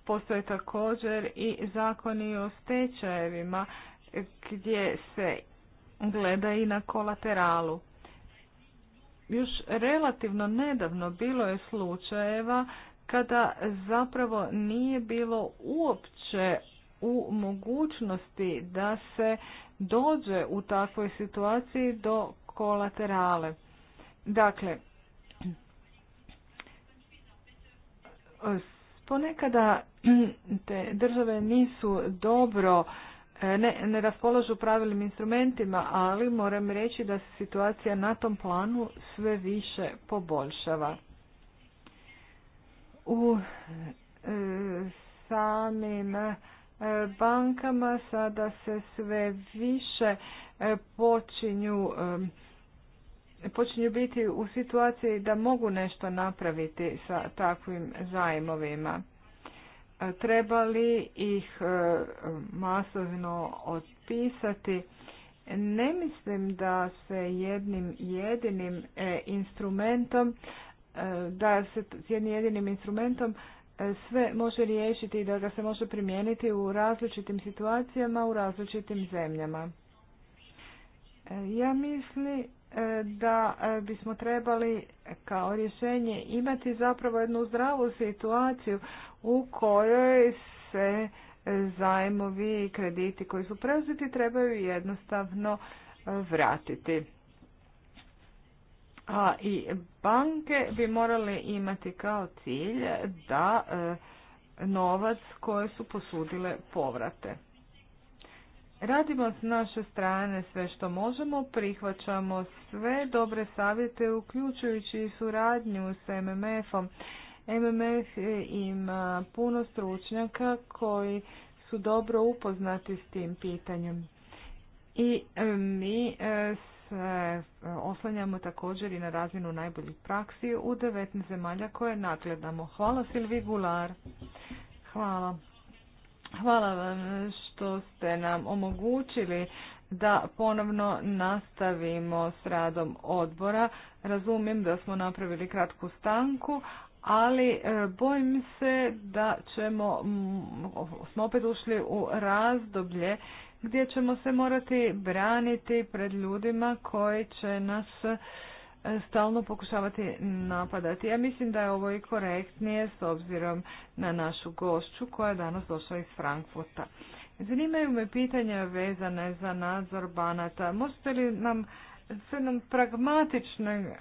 Postoje također i zakoni o stečajevima gdje se gleda i na kolateralu. Još relativno nedavno bilo je slučajeva kada zapravo nije bilo uopće u mogućnosti da se dođe u takvoj situaciji do kolaterale. Dakle, ponekada te države nisu dobro ne, ne raspolažu pravilnim instrumentima, ali moram reći da se situacija na tom planu sve više poboljšava. U e, samim E, bankama sada se sve više e, počinju e, počinju biti u situaciji da mogu nešto napraviti sa takvim zajmovima. Treba li ih masovno otpisati? Ne mislim da se jednim jedinim instrumentom da se jednim jedinim instrumentom sve može riješiti i da ga se može primijeniti u različitim situacijama, u različitim zemljama. E, ja mislim e, da e, bismo trebali kao rješenje imati zapravo jednu zdravu situaciju u kojoj se zajmovi i krediti koji su preuzeti trebaju jednostavno vratiti a i banke bi morale imati kao cilj da e, novac koje su posudile povrate. Radimo s naše strane sve što možemo, prihvaćamo sve dobre savjete, uključujući i suradnju s MMF-om. MMF e, ima puno stručnjaka koji su dobro upoznati s tim pitanjem. I e, mi se oslanjamo također i na razvinu najboljih praksi u 19 zemalja koje nagledamo. Hvala Silvi Gular. Hvala. Hvala vam što ste nam omogućili da ponovno nastavimo s radom odbora. Razumijem da smo napravili kratku stanku, ali e, bojim se da ćemo, smo opet ušli u razdoblje gdje ćemo se morati braniti pred ljudima koji će nas e, stalno pokušavati napadati. Ja mislim da je ovo i korektnije s obzirom na našu gošću koja je danas došla iz Frankfurta. Zanimaju me pitanja vezane za nadzor banata. Možete li nam s jednom pragmatični e,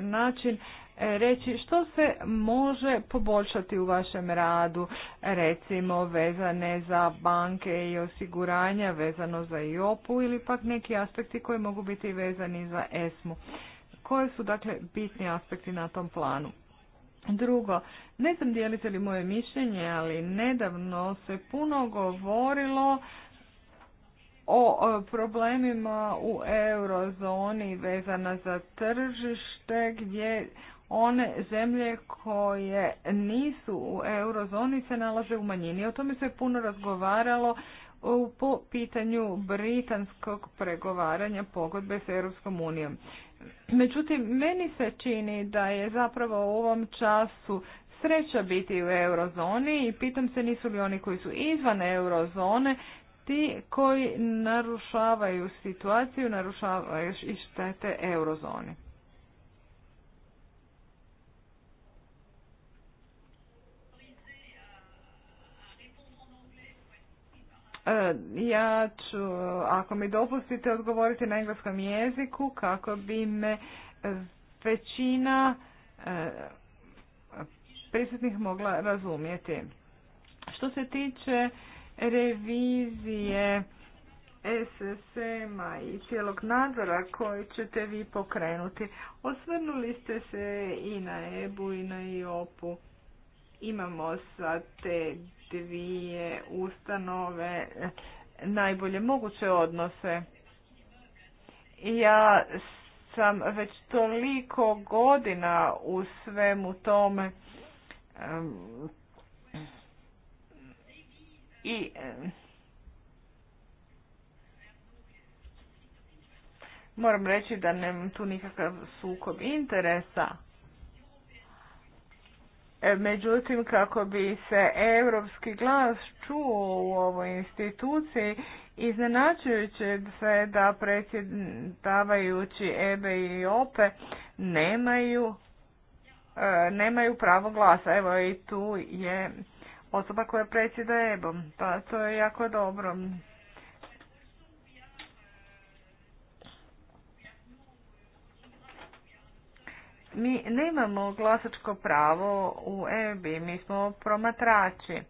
način E, reći što se može poboljšati u vašem radu, recimo vezane za banke i osiguranja, vezano za IOP-u ili pak neki aspekti koji mogu biti vezani za ESMU. Koje su dakle bitni aspekti na tom planu? Drugo, ne znam dijelite li moje mišljenje, ali nedavno se puno govorilo o problemima u eurozoni vezana za tržište gdje one zemlje koje nisu u eurozoni se nalaze u manjini. O tome se puno razgovaralo po pitanju britanskog pregovaranja pogodbe s Europskom unijom. Međutim, meni se čini da je zapravo u ovom času sreća biti u eurozoni i pitam se nisu li oni koji su izvan eurozone ti koji narušavaju situaciju, narušavaju i štete eurozoni. E, ja ću, ako mi dopustite, odgovoriti na engleskom jeziku kako bi me e, većina e, prisutnih mogla razumjeti. Što se tiče revizije SSM-a i cijelog nadzora koji ćete vi pokrenuti, osvrnuli ste se i na EBU i na IOP-u imamo sa te dvije ustanove najbolje moguće odnose. Ja sam već toliko godina u svemu tome i moram reći da nemam tu nikakav sukob interesa Međutim, kako bi se europski glas čuo u ovoj instituciji, iznenačujući se da predsjedavajući EBE i OPE nemaju, e, nemaju pravo glasa. Evo i tu je osoba koja predsjeda EBOM, pa to je jako dobro. Mi nemamo glasačko pravo u EBI, mi smo promatrači.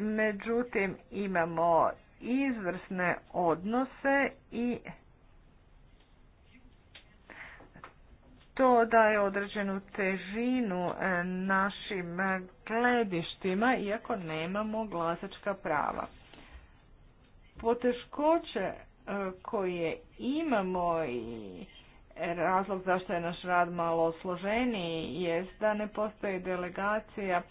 Međutim, imamo izvrsne odnose i to daje određenu težinu e, našim gledištima, iako nemamo glasačka prava. Poteškoće e, koje imamo i razlog zašto je naš rad malo složeniji jest da ne postoji delegacija e,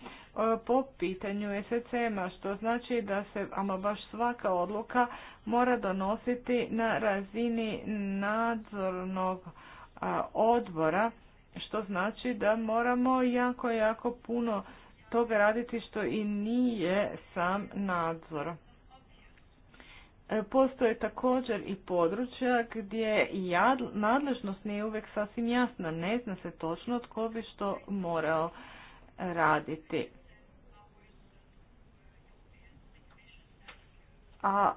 po pitanju sec a što znači da se ama baš svaka odluka mora donositi na razini nadzornog e, odbora, što znači da moramo jako, jako puno toga raditi što i nije sam nadzor. Postoje također i područja gdje nadležnost nije uvijek sasvim jasna, ne zna se točno tko bi što morao raditi. A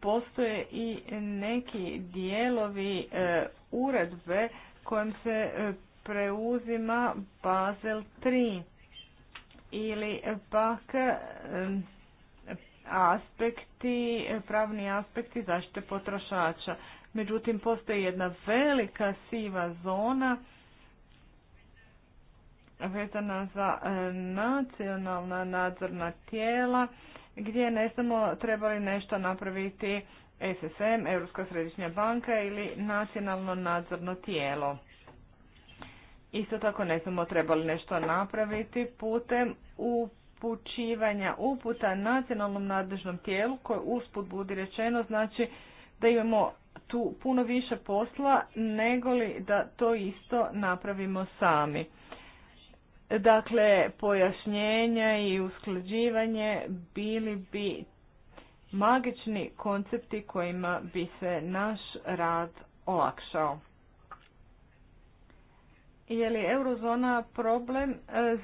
postoje i neki dijelovi e, uredbe kojim se e, preuzima Basel 3 ili pak e, aspekti, pravni aspekti zaštite potrošača. Međutim, postoji jedna velika siva zona vezana za e, nacionalna nadzorna tijela gdje ne samo trebali nešto napraviti SSM, Europska središnja banka ili nacionalno nadzorno tijelo. Isto tako ne samo trebali nešto napraviti putem u upućivanja uputa nacionalnom nadležnom tijelu koje usput budi rečeno znači da imamo tu puno više posla nego li da to isto napravimo sami. Dakle, pojašnjenja i usklađivanje bili bi magični koncepti kojima bi se naš rad olakšao je li eurozona problem e,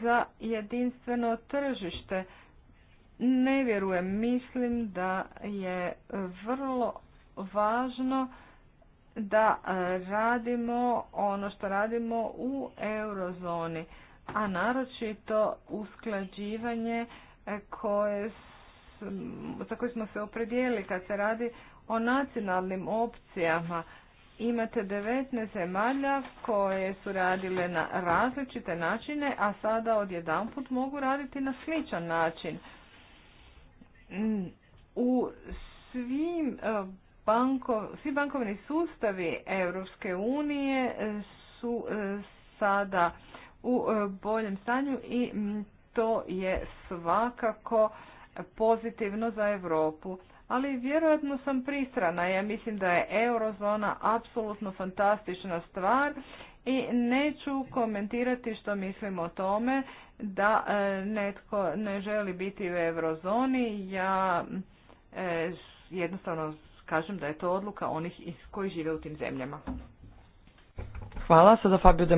za jedinstveno tržište? Ne vjerujem, mislim da je vrlo važno da e, radimo ono što radimo u eurozoni, a naročito usklađivanje e, koje, za koje smo se opredijeli kad se radi o nacionalnim opcijama imate 19 zemalja koje su radile na različite načine, a sada odjedanput mogu raditi na sličan način. Mm, u svim e, banko, svi bankovni sustavi Europske unije e, su e, sada u boljem stanju i mm, to je svakako pozitivno za Europu. Ali vjerojatno sam pristrana, ja mislim da je eurozona apsolutno fantastična stvar i neću komentirati što mislim o tome da e, netko ne želi biti u eurozoni. Ja e, jednostavno kažem da je to odluka onih koji žive u tim zemljama. Hvala, sada Fabio De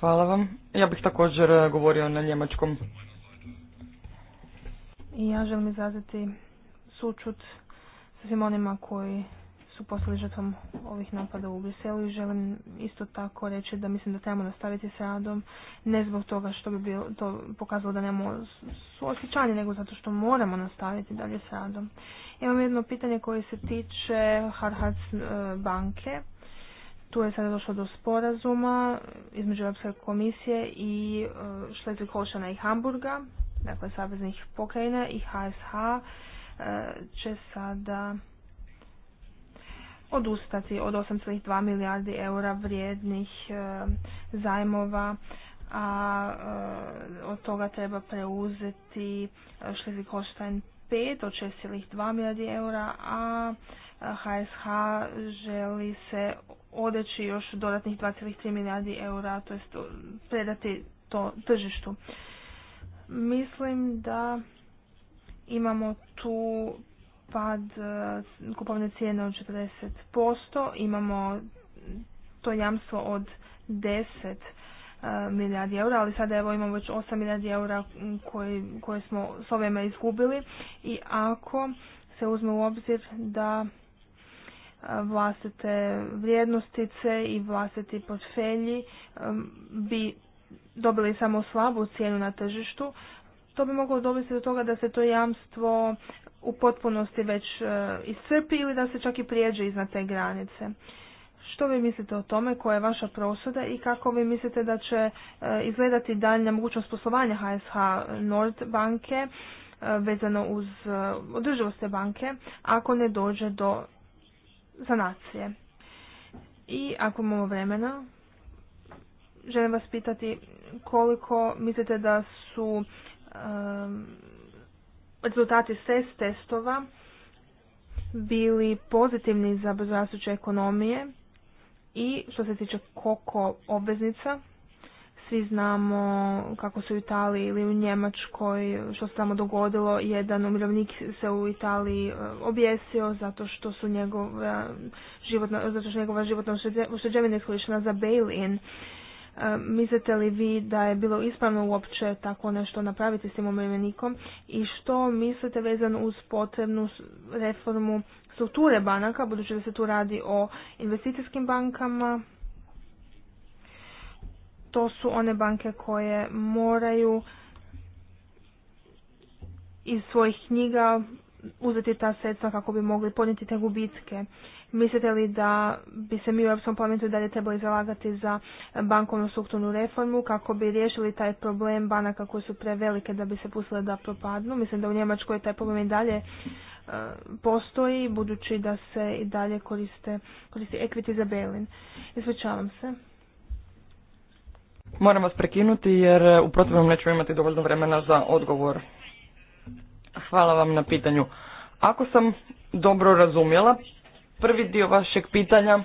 Hvala vam. Ja bih također e, govorio na njemačkom. I ja želim izraziti sučut sa svim onima koji su postali žrtvom ovih napada u Briselu i želim isto tako reći da mislim da trebamo nastaviti s radom ne zbog toga što bi bilo, to pokazalo da nemamo suosjećanje nego zato što moramo nastaviti dalje s radom. Imam jedno pitanje koje se tiče harhac e, banke tu je sada došlo do sporazuma između Europske komisije i Šlezvig e, Holšana i Hamburga, dakle saveznih pokrajina i HSH e, će sada odustati od 8,2 milijardi eura vrijednih e, zajmova a od toga treba preuzeti Šlezvig Holstein 5 od 6,2 milijardi eura, a HSH želi se odeći još dodatnih 2,3 milijardi eura, to jest predati to tržištu. Mislim da imamo tu pad eh, kupovne cijene od 40%, imamo to jamstvo od 10 eh, milijardi eura, ali sada evo imamo već 8 milijardi eura koje, koje smo s ovime izgubili i ako se uzme u obzir da vlastite vrijednostice i vlastiti portfelji bi dobili samo slabu cijenu na tržištu, to bi moglo dobiti do toga da se to jamstvo u potpunosti već e, iscrpi ili da se čak i prijeđe iznad te granice. Što vi mislite o tome, koja je vaša prosuda i kako vi mislite da će e, izgledati daljnja mogućnost poslovanja HSH Nord banke e, vezano uz održivost te banke ako ne dođe do za nacije. I ako imamo vremena, želim vas pitati koliko mislite da su um, rezultati SES testova bili pozitivni za brzorastuće ekonomije i što se tiče koliko obveznica, svi znamo kako su u Italiji ili u Njemačkoj, što se tamo dogodilo, jedan umirovnik se u Italiji e, objesio zato što su njegova životna, zato što njegova životna ušteđevina iskorištena za bail-in. E, mislite li vi da je bilo ispravno uopće tako nešto napraviti s tim umirovljenikom i što mislite vezano uz potrebnu reformu strukture banaka, budući da se tu radi o investicijskim bankama, to su one banke koje moraju iz svojih knjiga uzeti ta sredstva kako bi mogli podnijeti te gubitke. Mislite li da bi se mi u Europskom parlamentu dalje trebali zalagati za bankovnu strukturnu reformu kako bi riješili taj problem banaka koje su prevelike da bi se pustile da propadnu? Mislim da u Njemačkoj taj problem i dalje e, postoji budući da se i dalje koriste, koristi equity za Berlin. Ispričavam se. Moram vas prekinuti jer e, u protivnom nećemo imati dovoljno vremena za odgovor. Hvala vam na pitanju. Ako sam dobro razumjela, prvi dio vašeg pitanja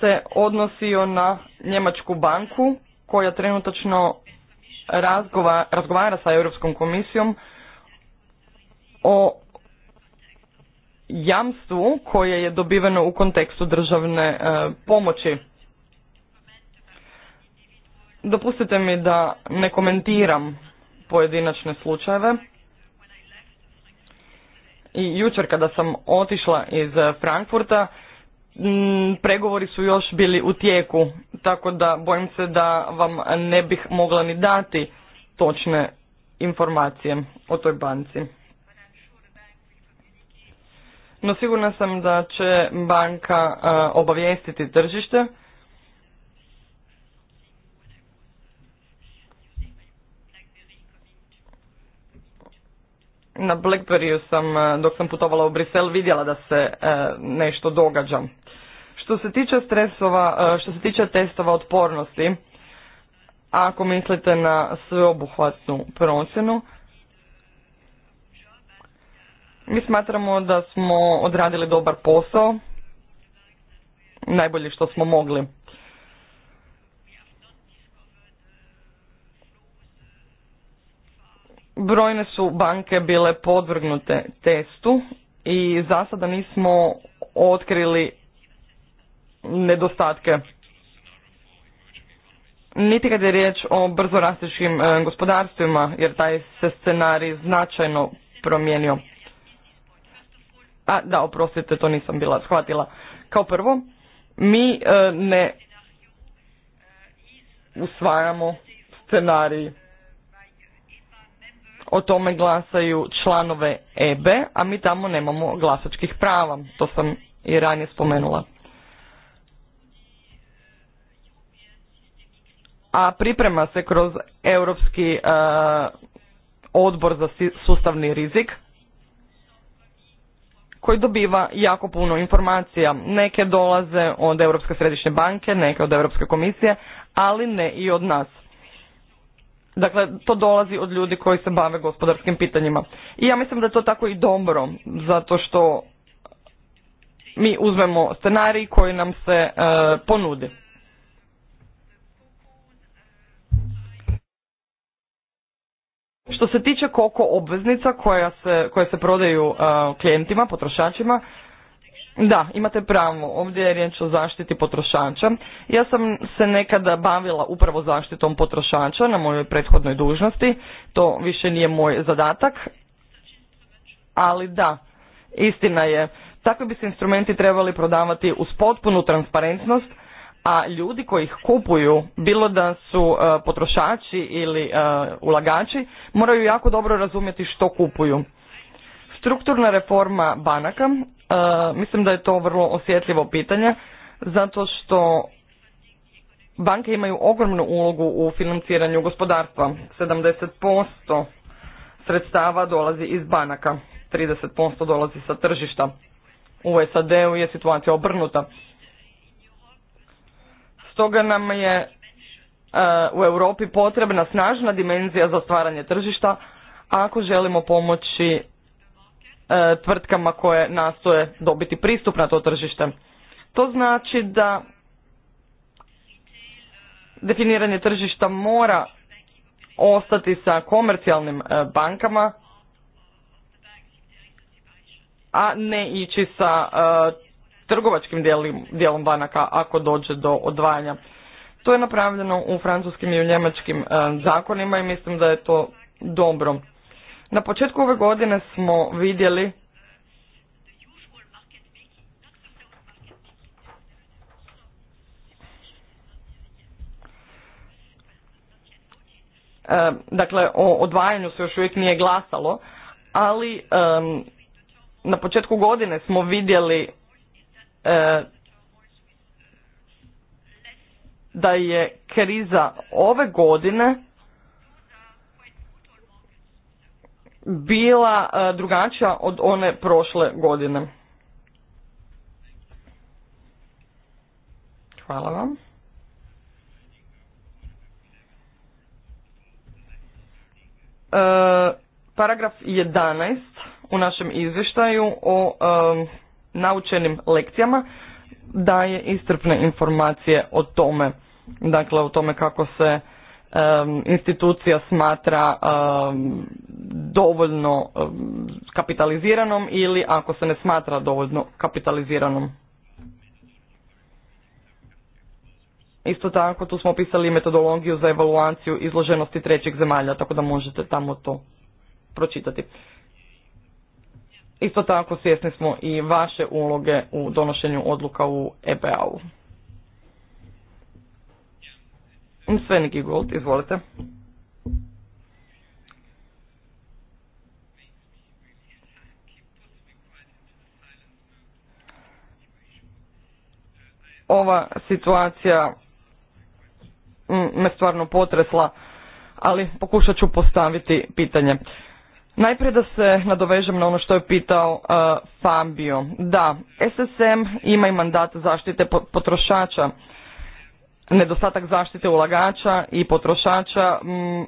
se odnosio na Njemačku banku koja trenutačno razgovara sa Europskom komisijom o jamstvu koje je dobiveno u kontekstu državne e, pomoći. Dopustite mi da ne komentiram pojedinačne slučajeve. I jučer kada sam otišla iz Frankfurta, pregovori su još bili u tijeku, tako da bojim se da vam ne bih mogla ni dati točne informacije o toj banci no sigurna sam da će banka obavijestiti tržište na Blackberryu sam, dok sam putovala u Brisel, vidjela da se nešto događa. Što se tiče stresova, što se tiče testova otpornosti, ako mislite na sveobuhvatnu procjenu, mi smatramo da smo odradili dobar posao, najbolje što smo mogli. Brojne su banke bile podvrgnute testu i za sada nismo otkrili nedostatke. Niti kad je riječ o brzo rastućim e, gospodarstvima, jer taj se scenarij značajno promijenio. A da, oprostite, to nisam bila shvatila. Kao prvo, mi e, ne usvajamo scenarij. O tome glasaju članove EBE, a mi tamo nemamo glasačkih prava. To sam i ranije spomenula. A priprema se kroz Europski e, odbor za sustavni rizik koji dobiva jako puno informacija. Neke dolaze od Europske središnje banke, neke od Europske komisije, ali ne i od nas. Dakle, to dolazi od ljudi koji se bave gospodarskim pitanjima. I ja mislim da je to tako i dobro, zato što mi uzmemo scenarij koji nam se e, ponudi. Što se tiče koliko obveznica koja se, koje se prodaju uh, klijentima, potrošačima, da, imate pravo. Ovdje je riječ o zaštiti potrošača. Ja sam se nekada bavila upravo zaštitom potrošača na mojoj prethodnoj dužnosti. To više nije moj zadatak. Ali da, istina je. Takvi bi se instrumenti trebali prodavati uz potpunu transparentnost a ljudi koji ih kupuju, bilo da su e, potrošači ili e, ulagači, moraju jako dobro razumjeti što kupuju. Strukturna reforma banaka, e, mislim da je to vrlo osjetljivo pitanje, zato što banke imaju ogromnu ulogu u financiranju gospodarstva. 70% sredstava dolazi iz banaka, 30% dolazi sa tržišta. U SAD-u je situacija obrnuta. Stoga nam je e, u Europi potrebna snažna dimenzija za stvaranje tržišta ako želimo pomoći e, tvrtkama koje nastoje dobiti pristup na to tržište. To znači da definiranje tržišta mora ostati sa komercijalnim e, bankama, a ne ići sa trgovačkim dijelom banaka ako dođe do odvajanja. To je napravljeno u francuskim i u njemačkim e, zakonima i mislim da je to dobro. Na početku ove godine smo vidjeli e, Dakle, o odvajanju se još uvijek nije glasalo, ali na početku godine smo vidjeli E, da je kriza ove godine bila e, drugačija od one prošle godine. Hvala vam. E, paragraf 11 u našem izvještaju o naučenim lekcijama daje istrpne informacije o tome, dakle o tome kako se institucija smatra dovoljno kapitaliziranom ili ako se ne smatra dovoljno kapitaliziranom. Isto tako tu smo opisali metodologiju za evaluaciju izloženosti trećih zemalja, tako da možete tamo to pročitati. Isto tako svjesni smo i vaše uloge u donošenju odluka u EBA-u. Sveniki Gold, izvolite. Ova situacija mm, me stvarno potresla, ali pokušat ću postaviti pitanje. Najprije da se nadovežem na ono što je pitao uh, Fabio. Da, SSM ima i mandat zaštite potrošača. Nedostatak zaštite ulagača i potrošača mm,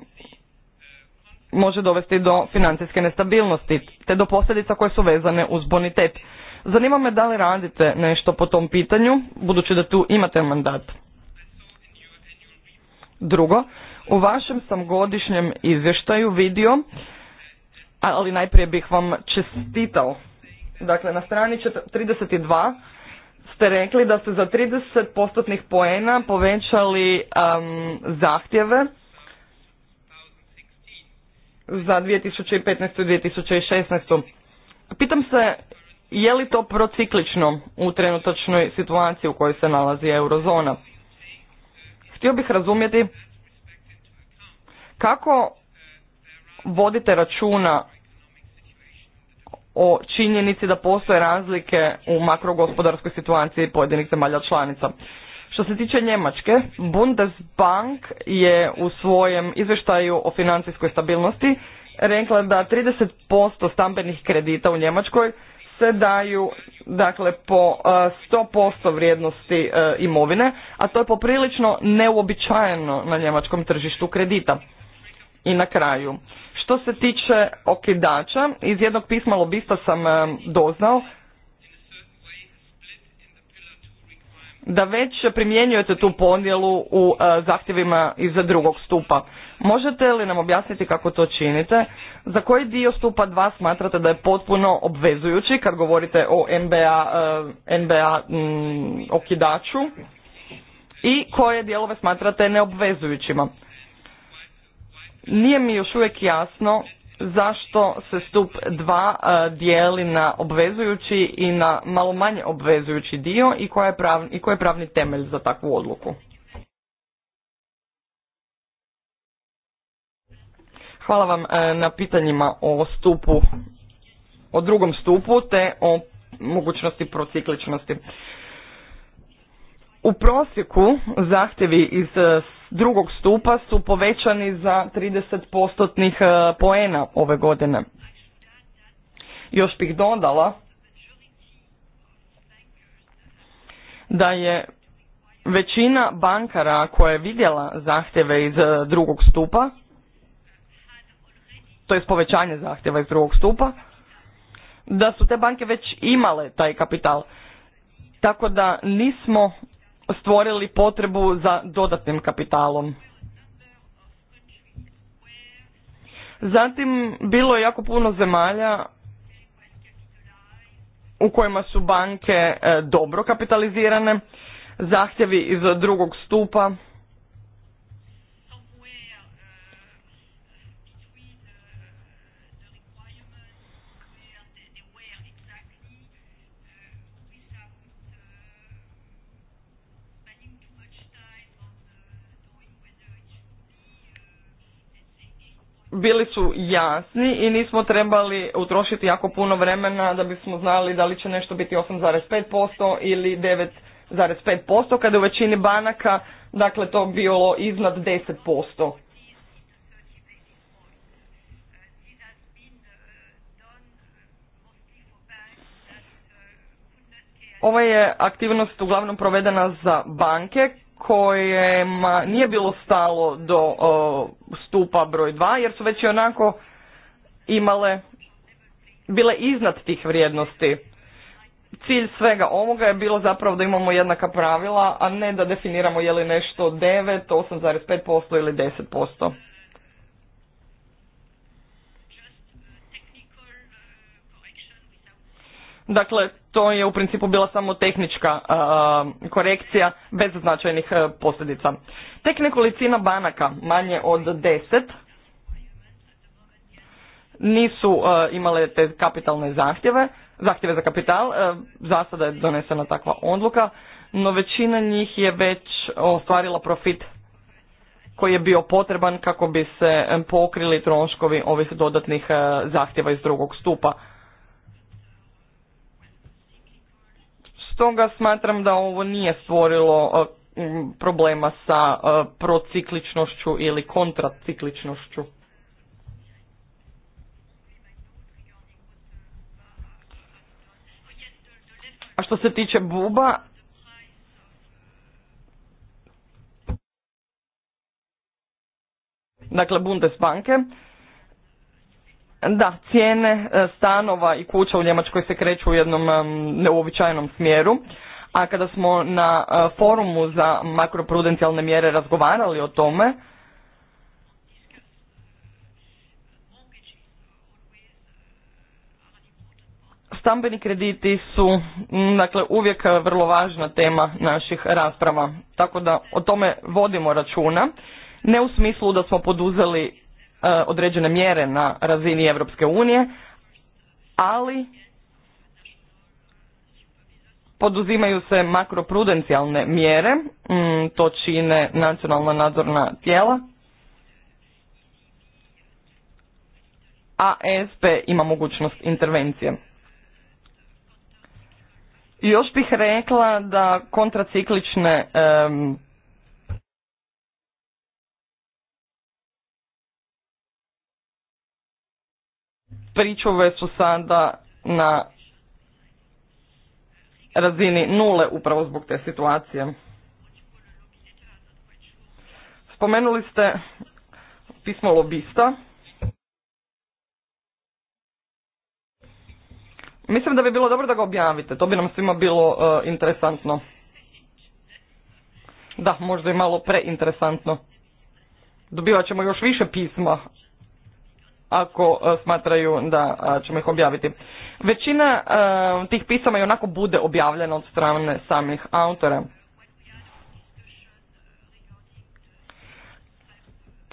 može dovesti do financijske nestabilnosti te do posljedica koje su vezane uz bonitet. Zanima me da li radite nešto po tom pitanju, budući da tu imate mandat. Drugo, u vašem sam godišnjem izvještaju vidio ali najprije bih vam čestitao. Dakle, na strani 32 ste rekli da ste za 30 postotnih poena povećali um, zahtjeve za 2015. i 2016. Pitam se je li to prociklično u trenutačnoj situaciji u kojoj se nalazi eurozona. Htio bih razumjeti kako vodite računa o činjenici da postoje razlike u makrogospodarskoj situaciji pojedinih zemalja članica. Što se tiče Njemačke, Bundesbank je u svojem izvještaju o financijskoj stabilnosti rekla da 30% stambenih kredita u Njemačkoj se daju dakle po 100% e, vrijednosti e, imovine, a to je poprilično neuobičajeno na njemačkom tržištu kredita. I na kraju, što se tiče okidača, iz jednog pisma lobista sam e, doznao da već primjenjujete tu podjelu u e, zahtjevima iza drugog stupa. Možete li nam objasniti kako to činite? Za koji dio stupa 2 smatrate da je potpuno obvezujući kad govorite o NBA, e, NBA mm, okidaču i koje dijelove smatrate neobvezujućima? Nije mi još uvijek jasno zašto se stup 2 e, dijeli na obvezujući i na malo manje obvezujući dio i koji je, je pravni temelj za takvu odluku. Hvala vam e, na pitanjima o stupu, o drugom stupu te o mogućnosti procikličnosti. U prosjeku zahtjevi iz e, drugog stupa su povećani za 30% e, poena ove godine. Još bih dodala da je većina bankara koja je vidjela zahtjeve iz e, drugog stupa, to je povećanje zahtjeva iz drugog stupa, da su te banke već imale taj kapital. Tako da nismo stvorili potrebu za dodatnim kapitalom. Zatim bilo je jako puno zemalja u kojima su banke e, dobro kapitalizirane, zahtjevi iz drugog stupa bili su jasni i nismo trebali utrošiti jako puno vremena da bismo znali da li će nešto biti 8,5% ili 9,5% kada je u većini banaka dakle to bilo iznad 10%. Ova je aktivnost uglavnom provedena za banke kojima nije bilo stalo do stupa broj 2 jer su već i onako imale bile iznad tih vrijednosti. Cilj svega ovoga je bilo zapravo da imamo jednaka pravila, a ne da definiramo je li nešto 9, 8,5% ili 10%. Dakle, to je u principu bila samo tehnička korekcija bez značajnih e, posljedica. Tek nekolicina banaka, manje od 10, nisu e, imale te kapitalne zahtjeve, zahtjeve za kapital, e, za sada je donesena takva odluka, no većina njih je već ostvarila profit koji je bio potreban kako bi se pokrili troškovi ovih dodatnih zahtjeva iz drugog stupa. toga smatram da ovo nije stvorilo e, problema sa e, procikličnošću ili kontracikličnošću. A što se tiče buba, dakle Bundesbanke, da, cijene e, stanova i kuća u Njemačkoj se kreću u jednom e, neuobičajenom smjeru, a kada smo na e, forumu za makroprudencijalne mjere razgovarali o tome, stambeni krediti su dakle uvijek vrlo važna tema naših rasprava, tako da o tome vodimo računa, ne u smislu da smo poduzeli E, određene mjere na razini Europske unije, ali poduzimaju se makroprudencijalne mjere, mm, to čine nacionalna nadzorna tijela, a ESP ima mogućnost intervencije. Još bih rekla da kontraciklične pričuve su sada na razini nule upravo zbog te situacije. Spomenuli ste pismo lobista. Mislim da bi bilo dobro da ga objavite. To bi nam svima bilo e, interesantno. Da, možda i malo preinteresantno. Dobivat ćemo još više pisma ako e, smatraju da e, ćemo ih objaviti. Većina e, tih pisama i onako bude objavljena od strane samih autora.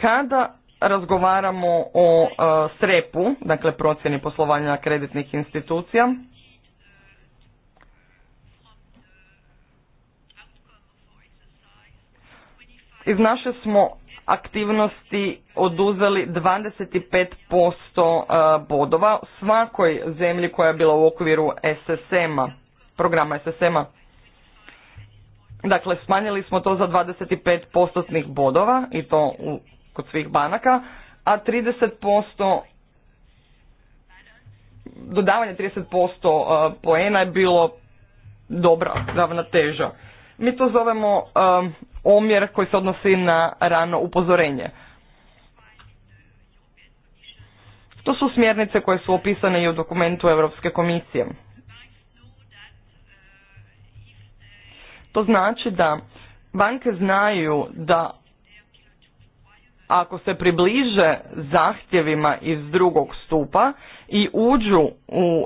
Kada razgovaramo o srepu, dakle procjeni poslovanja kreditnih institucija, iznašli smo aktivnosti oduzeli 25% e, bodova svakoj zemlji koja je bila u okviru SSM-a, programa SSM-a. Dakle, smanjili smo to za 25 bodova i to u, kod svih banaka, a 30% dodavanje 30% e, poena je bilo dobra ravnoteža. Mi to zovemo e, omjer koji se odnosi na rano upozorenje. To su smjernice koje su opisane i u dokumentu Europske komisije. To znači da banke znaju da ako se približe zahtjevima iz drugog stupa i uđu u e,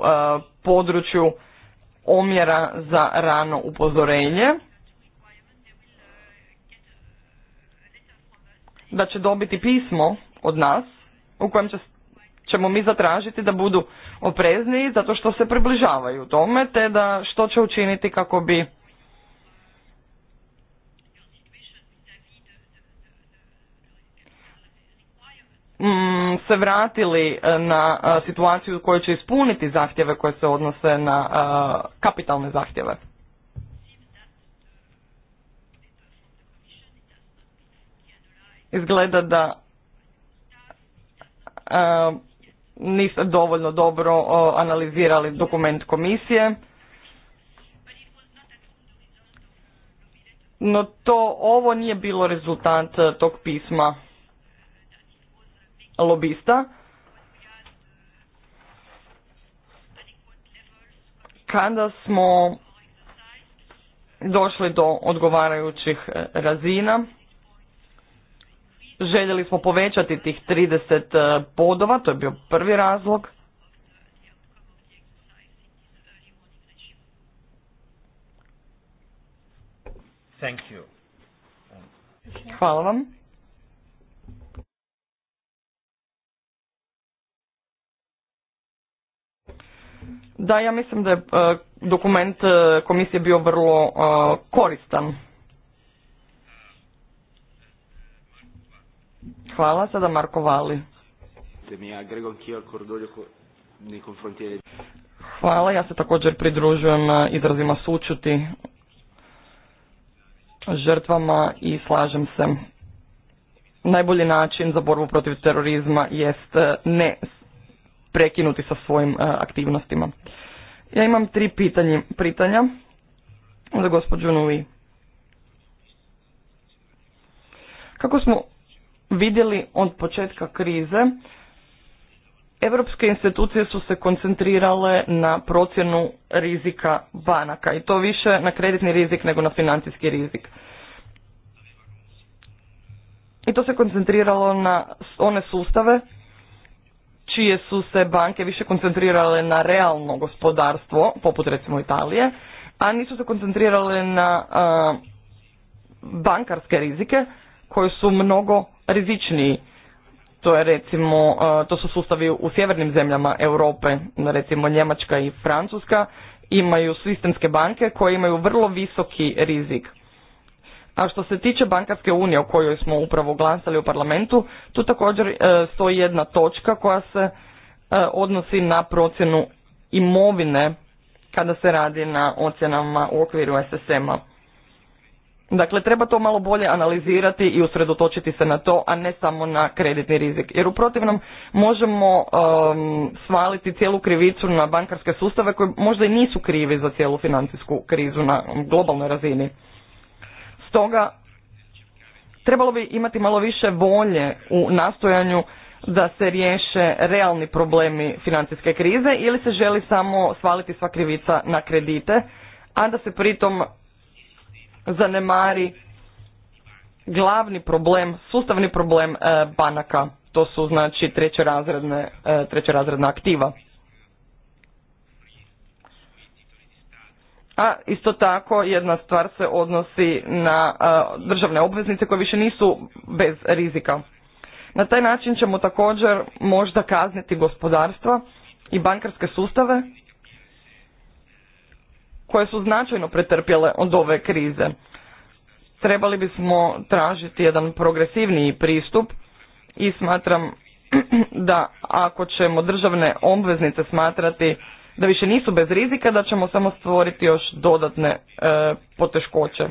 području omjera za rano upozorenje, da će dobiti pismo od nas u kojem će, ćemo mi zatražiti da budu oprezniji zato što se približavaju tome te da što će učiniti kako bi mm, se vratili e, na e, situaciju u kojoj će ispuniti zahtjeve koje se odnose na e, kapitalne zahtjeve. izgleda da e, niste dovoljno dobro analizirali dokument komisije. No to ovo nije bilo rezultat e, tog pisma lobista. Kada smo došli do odgovarajućih e, razina, Željeli smo povećati tih 30 e, bodova, to je bio prvi razlog. Thank you. Hvala vam. Da, ja mislim da je e, dokument e, komisije bio vrlo koristan. Hvala, sada Marko Vali. Hvala, ja se također pridružujem e, izrazima sučuti žrtvama i slažem se. Najbolji način za borbu protiv terorizma jest e, ne prekinuti sa svojim e, aktivnostima. Ja imam tri pitanje, pitanja za gospođu Nui. Kako smo vidjeli od početka krize, Europske institucije su se koncentrirale na procjenu rizika banaka i to više na kreditni rizik nego na financijski rizik. I to se koncentriralo na one sustave čije su se banke više koncentrirale na realno gospodarstvo, poput recimo Italije, a nisu se koncentrirale na bankarske rizike koje su mnogo rizičniji. To je recimo, e, to su sustavi u sjevernim zemljama Europe, recimo Njemačka i Francuska, imaju sistemske banke koje imaju vrlo visoki rizik. A što se tiče bankarske unije o kojoj smo upravo glasali u parlamentu, tu također e, stoji jedna točka koja se e, odnosi na procjenu imovine kada se radi na ocjenama u okviru SSM-a. Dakle, treba to malo bolje analizirati i usredotočiti se na to, a ne samo na kreditni rizik. Jer u protivnom možemo um, svaliti cijelu krivicu na bankarske sustave koji možda i nisu krivi za cijelu financijsku krizu na globalnoj razini. Stoga, trebalo bi imati malo više volje u nastojanju da se riješe realni problemi financijske krize ili se želi samo svaliti sva krivica na kredite, a da se pritom zanemari glavni problem, sustavni problem e, banaka. To su znači trećerazredne, e, trećerazredna aktiva. A isto tako jedna stvar se odnosi na e, državne obveznice koje više nisu bez rizika. Na taj način ćemo također možda kazniti gospodarstva i bankarske sustave koje su značajno pretrpjele od ove krize. Trebali bismo tražiti jedan progresivniji pristup i smatram [clears throat] da ako ćemo državne obveznice smatrati da više nisu bez rizika, da ćemo samo stvoriti još dodatne e, poteškoće.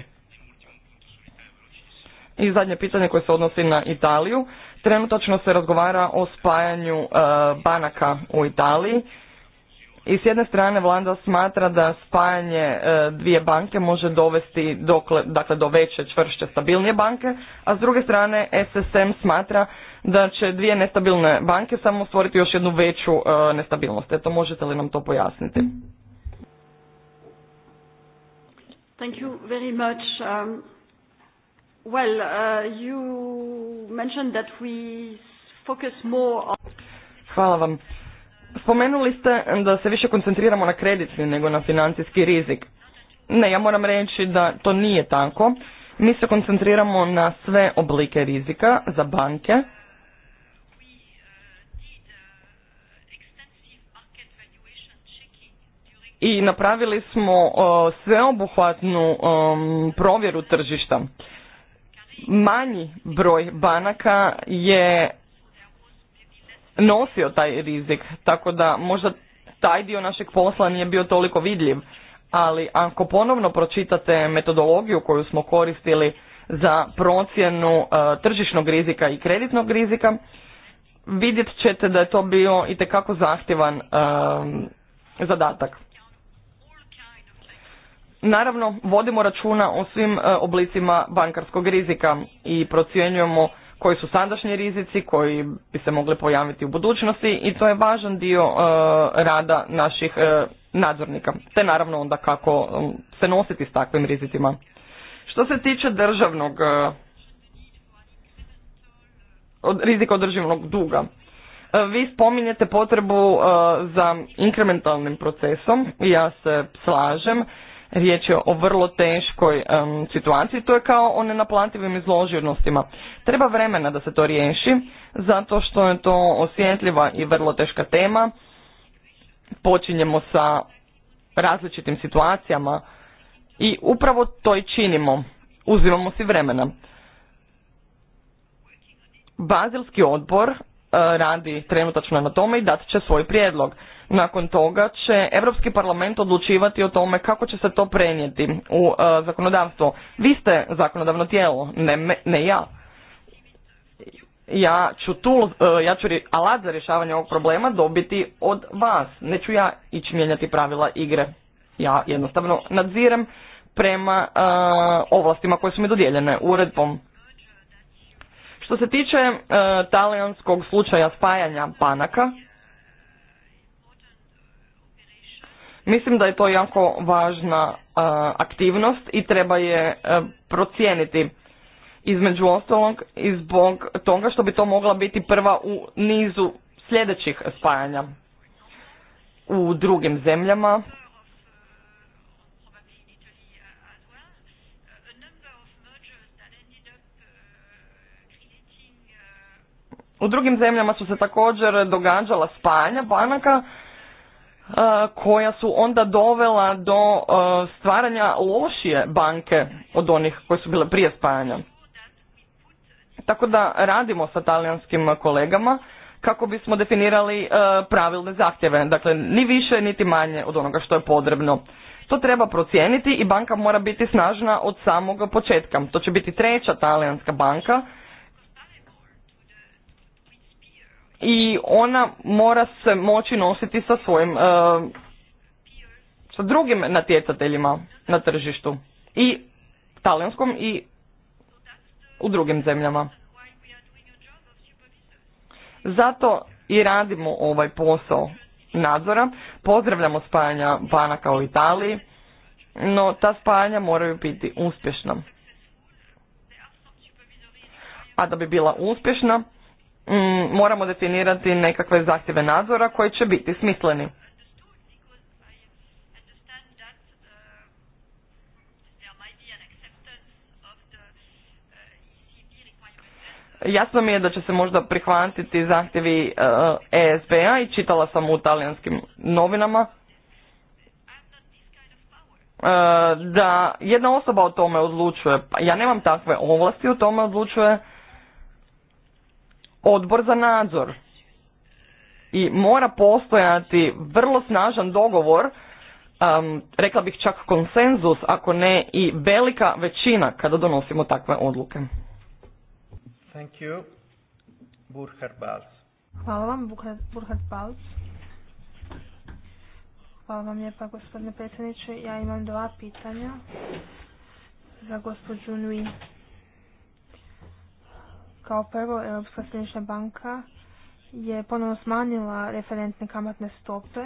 I zadnje pitanje koje se odnosi na Italiju. Trenutačno se razgovara o spajanju e, banaka u Italiji i s jedne strane vlada smatra da spajanje e, dvije banke može dovesti dakle, do veće, čvršće, stabilnije banke, a s druge strane SSM smatra da će dvije nestabilne banke samo stvoriti još jednu veću e, nestabilnost. Eto, možete li nam to pojasniti? Thank you very much. Um, well, uh, you mentioned that we focus more on... Hvala vam. Spomenuli ste da se više koncentriramo na kreditni nego na financijski rizik. Ne, ja moram reći da to nije tako. Mi se koncentriramo na sve oblike rizika za banke. I napravili smo sveobuhvatnu provjeru tržišta. Manji broj banaka je nosio taj rizik, tako da možda taj dio našeg posla nije bio toliko vidljiv, ali ako ponovno pročitate metodologiju koju smo koristili za procjenu e, tržišnog rizika i kreditnog rizika, vidjet ćete da je to bio i tekako zahtjevan e, zadatak. Naravno, vodimo računa o svim e, oblicima bankarskog rizika i procjenjujemo koji su sadašnji rizici, koji bi se mogli pojaviti u budućnosti i to je važan dio e, rada naših e, nadzornika, te naravno onda kako e, se nositi s takvim rizicima. Što se tiče državnog od rizika održivnog duga. Vi spominjete potrebu za inkrementalnim procesom i ja se slažem. Riječ je o vrlo teškoj situaciji, to je kao o nenaplativim izloženostima. Treba vremena da se to riješi, zato što je to osjetljiva i vrlo teška tema. Počinjemo sa različitim situacijama i upravo to i činimo. Uzimamo si vremena. Bazilski odbor eh, radi trenutačno na tome i dat će svoj prijedlog. Nakon toga će Europski parlament odlučivati o tome kako će se to prenijeti u e, zakonodavstvo. Vi ste zakonodavno tijelo, ne, me, ne ja. Ja ću, tu, e, ja ću alat za rješavanje ovog problema dobiti od vas. Neću ja ići mijenjati pravila igre. Ja jednostavno nadzirem prema e, ovlastima koje su mi dodijeljene uredbom. Što se tiče talijanskog slučaja spajanja banaka, Mislim da je to jako važna e, aktivnost i treba je e, procijeniti između ostalog i zbog toga što bi to mogla biti prva u nizu sljedećih spajanja u drugim zemljama. U drugim zemljama su se također događala spajanja banaka koja su onda dovela do stvaranja lošije banke od onih koje su bile prije spajanja. Tako da radimo sa talijanskim kolegama kako bismo definirali pravilne zahtjeve, dakle ni više niti manje od onoga što je potrebno. To treba procijeniti i banka mora biti snažna od samog početka. To će biti treća talijanska banka i ona mora se moći nositi sa svojim, e, sa drugim natjecateljima na tržištu i talijanskom i u drugim zemljama. Zato i radimo ovaj posao nadzora. Pozdravljamo spajanja Vana u Italiji, no ta spajanja moraju biti uspješna. A da bi bila uspješna, Mm, moramo definirati nekakve zahtjeve nadzora koji će biti smisleni. Jasno mi je da će se možda prihvatiti zahtjevi esb e i čitala sam u talijanskim novinama e, da jedna osoba o tome odlučuje. Pa ja nemam takve ovlasti, o tome odlučuje odbor za nadzor. I mora postojati vrlo snažan dogovor, um, rekla bih čak konsenzus, ako ne i velika većina kada donosimo takve odluke. Thank you. Hvala vam, Burhard Balz. Hvala vam lijepa, gospodine predsjedniče. Ja imam dva pitanja za gospođu Nui. Kao prvo, Europska središnja banka je ponovno smanjila referentne kamatne stope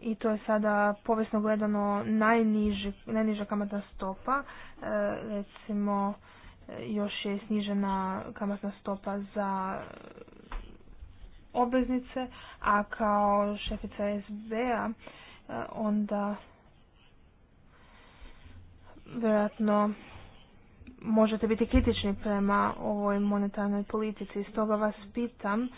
i to je sada povijesno gledano najniža kamatna stopa. E, recimo, još je snižena kamatna stopa za obveznice, a kao šefica SB-a e, onda vjerojatno možete biti kritični prema ovoj monetarnoj politici. Stoga vas pitam,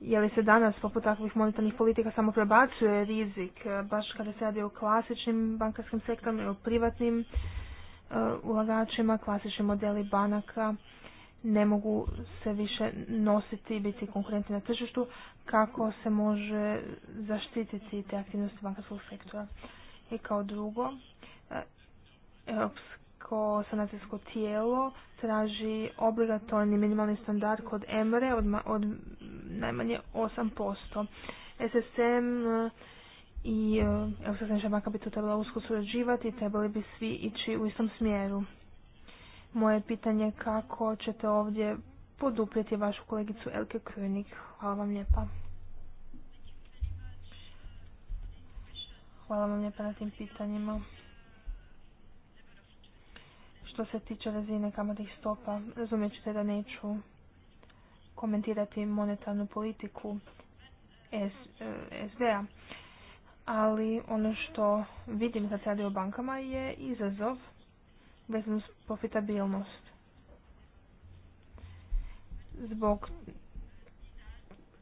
je li se danas poput takvih monetarnih politika samo prebacuje rizik, e, baš kada se radi o klasičnim bankarskim sektorima i o privatnim e, ulagačima, klasični modeli banaka ne mogu se više nositi i biti konkurentni na tržištu, kako se može zaštititi te aktivnosti bankarskog sektora. I kao drugo, e, Europska ko sanacijsko tijelo traži obligatorni minimalni standard kod MRE od, od najmanje 8%. SSM e, i e, Europska središnja banka bi to trebala usko surađivati i trebali bi svi ići u istom smjeru. Moje pitanje je kako ćete ovdje poduprijeti vašu kolegicu Elke Krönig. Hvala vam lijepa. Hvala vam lijepa na tim pitanjima. Što se tiče razine kamatnih stopa, razumijet ćete da neću komentirati monetarnu politiku SBA. E, ali ono što vidim kad radi o bankama je izazov vezan uz profitabilnost. Zbog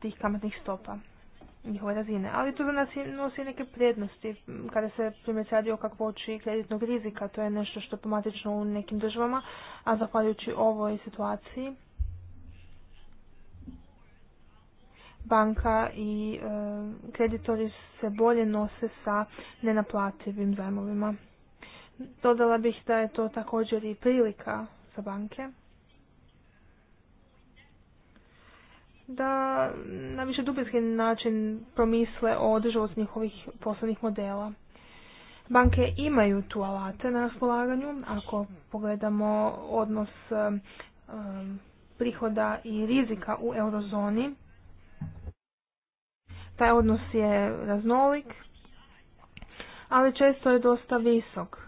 tih kamatnih stopa njihove razine. Ali to nas nosi neke prednosti. Kada se primjer radi o kakvoći kreditnog rizika, to je nešto što je pomatično u nekim državama, a zahvaljujući ovoj situaciji banka i e, kreditori se bolje nose sa nenaplativim zajmovima. Dodala bih da je to također i prilika za banke. da na više dubinski način promisle o održivost njihovih poslovnih modela. Banke imaju tu alate na raspolaganju, ako pogledamo odnos um, um, prihoda i rizika u eurozoni. Taj odnos je raznolik, ali često je dosta visok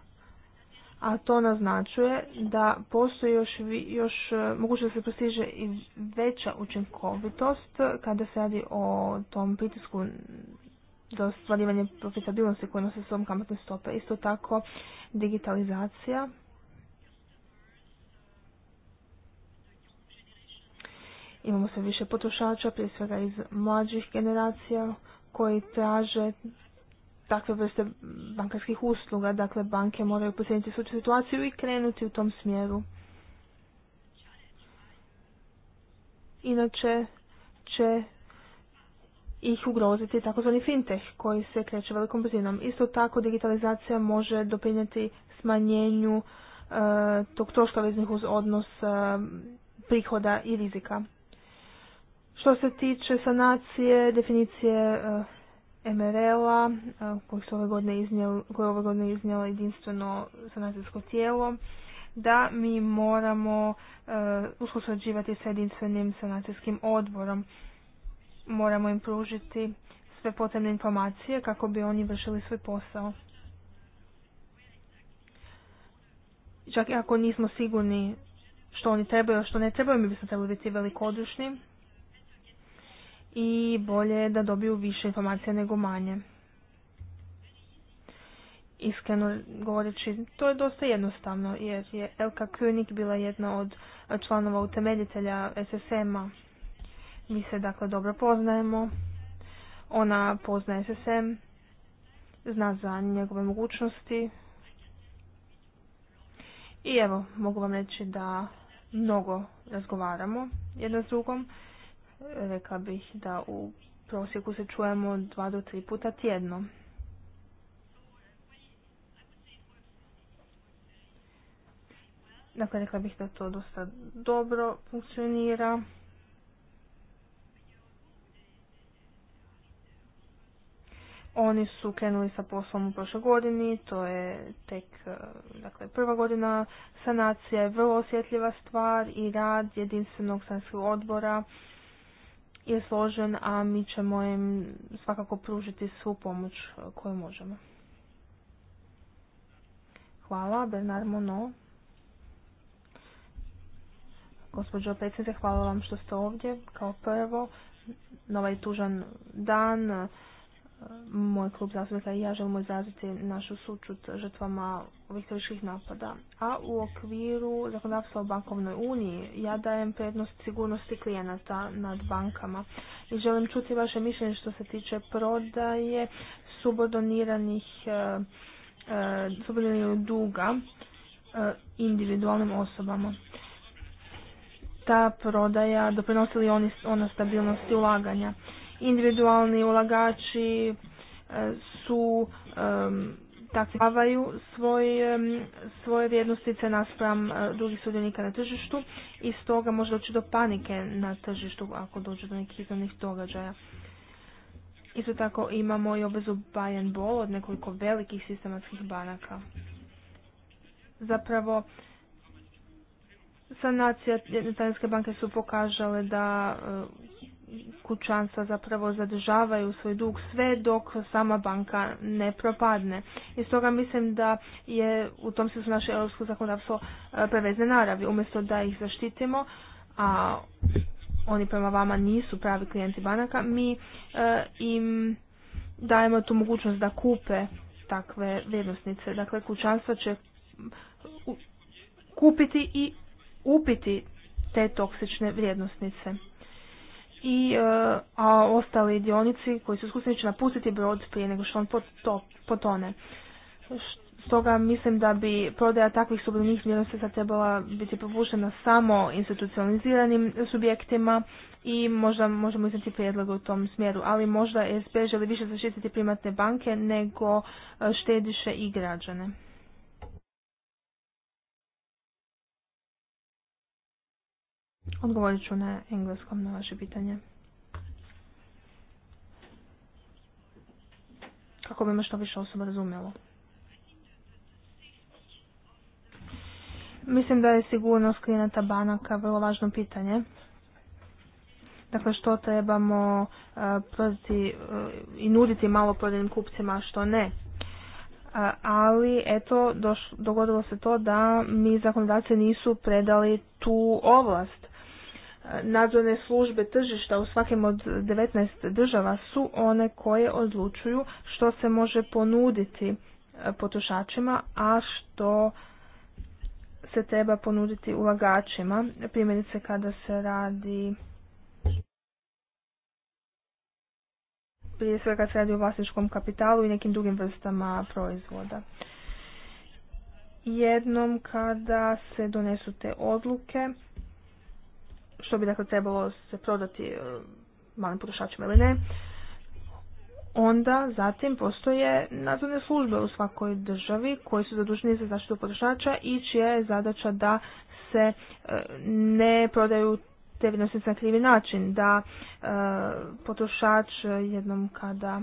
a to naznačuje da postoji još, još e, moguće da se postiže i veća učinkovitost kada se radi o tom pritisku do stvarivanja profitabilnosti koje nose svom kamatne stope. Isto tako digitalizacija imamo sve više potrošača, prije svega iz mlađih generacija, koji traže takve vrste bankarskih usluga. Dakle, banke moraju posjediti svoju situaciju i krenuti u tom smjeru. Inače će ih ugroziti takozvani fintech koji se kreće velikom brzinom. Isto tako digitalizacija može doprinijeti smanjenju e, tog troška veznih uz odnos e, prihoda i rizika. Što se tiče sanacije, definicije e, MRL-a koji su ove godine iznijeli koje je ove godine iznijela jedinstveno sanacijsko tijelo, da mi moramo uh, e, usklađivati sa jedinstvenim sanacijskim odborom. Moramo im pružiti sve potrebne informacije kako bi oni vršili svoj posao. Čak i ako nismo sigurni što oni trebaju, što ne trebaju, mi bismo trebali biti velikodušni i bolje je da dobiju više informacija nego manje. Iskreno govoreći, to je dosta jednostavno jer je Elka König bila jedna od članova utemeljitelja SSM-a. Mi se dakle dobro poznajemo, ona pozna SSM, zna za njegove mogućnosti i evo, mogu vam reći da mnogo razgovaramo jedno s drugom Rekla bih da u prosjeku se čujemo dva do tri puta tjedno. Dakle, rekla bih da to dosta dobro funkcionira. Oni su krenuli sa poslom u prošloj godini, to je tek e, dakle, prva godina sanacija, je vrlo osjetljiva stvar i rad jedinstvenog sanskog odbora je složen, a mi ćemo im svakako pružiti svu pomoć e, koju možemo. Hvala, Bernard Monod. Gospođo predsjednice, hvala vam što ste ovdje. Kao prvo, na ovaj tužan dan, moj klub zastupnika i ja želimo izraziti našu sučut žrtvama ovih terorističkih napada. A u okviru zakonodavstva o bankovnoj uniji ja dajem prednost sigurnosti klijenata nad bankama i želim čuti vaše mišljenje što se tiče prodaje subordoniranih e, e duga e, individualnim osobama. Ta prodaja doprinosi li ona stabilnosti ulaganja? individualni ulagači e, su e, takvavaju e, svoje, svoje vrijednostice naspram drugih sudionika na tržištu i stoga može doći do panike na tržištu ako dođe do nekih izravnih događaja. Isto tako imamo i obvezu buy and ball od nekoliko velikih sistematskih banaka. Zapravo, sanacija Talijanske banke su pokazale da kućanstva zapravo zadržavaju svoj dug sve dok sama banka ne propadne. I stoga mislim da je u tom su naše europsko zakonodavstvo e, prevezne naravi. Umjesto da ih zaštitimo, a oni prema vama nisu pravi klijenti banaka, mi e, im dajemo tu mogućnost da kupe takve vrijednosnice. Dakle, kućanstva će kupiti i upiti te toksične vrijednosnice i e, a ostali dionici koji su iskusni će napustiti brod prije nego što on potone. Stoga mislim da bi prodaja takvih sublinih vrijednosti sad trebala biti propuštena samo institucionaliziranim subjektima i možda možemo iznati prijedlog u tom smjeru, ali možda SP želi više zaštititi primatne banke nego e, štediše i građane. Odgovorit ću na engleskom na vaše pitanje. Kako bi me što više osoba razumjelo? Mislim da je sigurnost klijenata banaka vrlo važno pitanje. Dakle, što trebamo uh, i nuditi malo prodajnim kupcima, a što ne. E, ali, eto, dogodilo se to da mi zakonodavci nisu predali tu ovlast nadzorne službe tržišta u svakim od 19 država su one koje odlučuju što se može ponuditi e, potrošačima, a što se treba ponuditi ulagačima, primjerice kada se radi prije svega se radi o vlasničkom kapitalu i nekim drugim vrstama proizvoda. Jednom kada se donesu te odluke, što bi dakle trebalo se prodati e, malim potrošačima ili ne. Onda zatim postoje nadzorne službe u svakoj državi koji su zaduženi za zaštitu potrošača i čija je zadaća da se e, ne prodaju te vrijednosti na krivi način, da e, potrošač jednom kada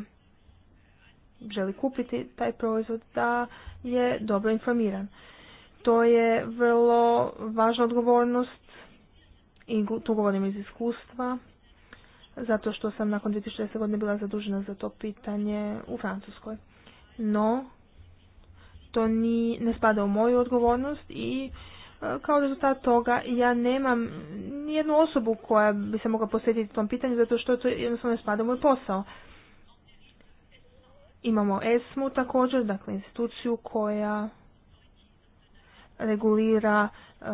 želi kupiti taj proizvod da je dobro informiran. To je vrlo važna odgovornost i tu govorim iz iskustva, zato što sam nakon 2016. godine bila zadužena za to pitanje u Francuskoj. No, to ni, ne spada u moju odgovornost i e, kao rezultat toga ja nemam nijednu osobu koja bi se mogla posjetiti tom pitanju zato što to jednostavno ne spada u moj posao. Imamo ESMU također, dakle instituciju koja regulira e,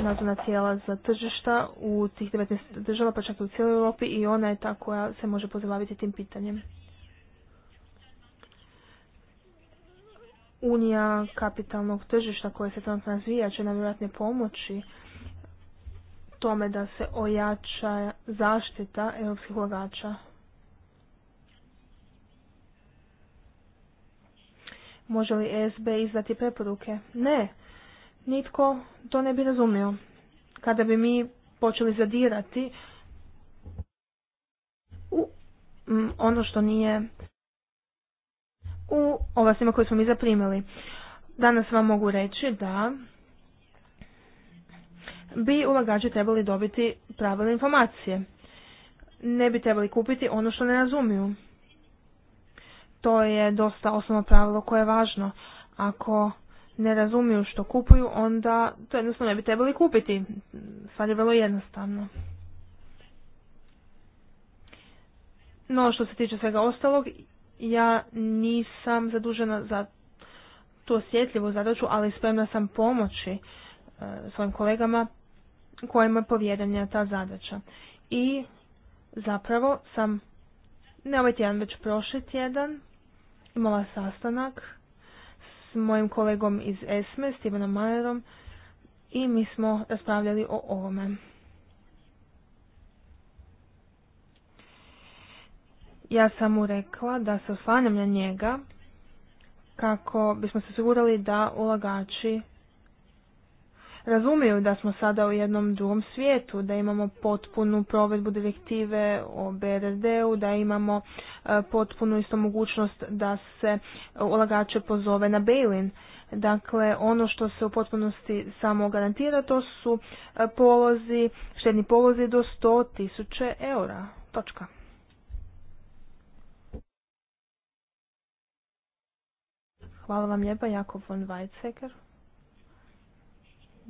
nadzorna tijela za tržišta u tih 19 država, pa čak i u cijeloj Europi i ona je ta koja se može pozabaviti tim pitanjem. Unija kapitalnog tržišta koja se trenutno razvija će nam vjerojatno pomoći tome da se ojača zaštita europskih ulagača Može li SB izdati preporuke? Ne, nitko to ne bi razumio. Kada bi mi počeli zadirati u mm, ono što nije u ovlastima koje smo mi zaprimili. Danas vam mogu reći da bi ulagači trebali dobiti pravilne informacije. Ne bi trebali kupiti ono što ne razumiju. To je dosta osnovno pravilo koje je važno. Ako ne razumiju što kupuju, onda to jednostavno ne bi trebali kupiti. Sad je vrlo jednostavno. No, što se tiče svega ostalog, ja nisam zadužena za tu osjetljivu zadaću, ali spremna sam pomoći e, svojim kolegama kojima je povjerenja ta zadaća. I zapravo sam, ne ovaj tjedan, već prošli tjedan, imala sastanak s mojim kolegom iz ESME, Stevenom Majerom, i mi smo raspravljali o ovome. Ja sam mu rekla da se oslanjam na njega kako bismo se sigurali da ulagači razumiju da smo sada u jednom drugom svijetu, da imamo potpunu provedbu direktive o BRD-u, da imamo e, potpunu isto mogućnost da se ulagače pozove na bail-in. Dakle, ono što se u potpunosti samo garantira to su e, polozi, štedni polozi do 100.000 eura. Točka. Hvala vam lijepa, Jakov von Weizsäcker.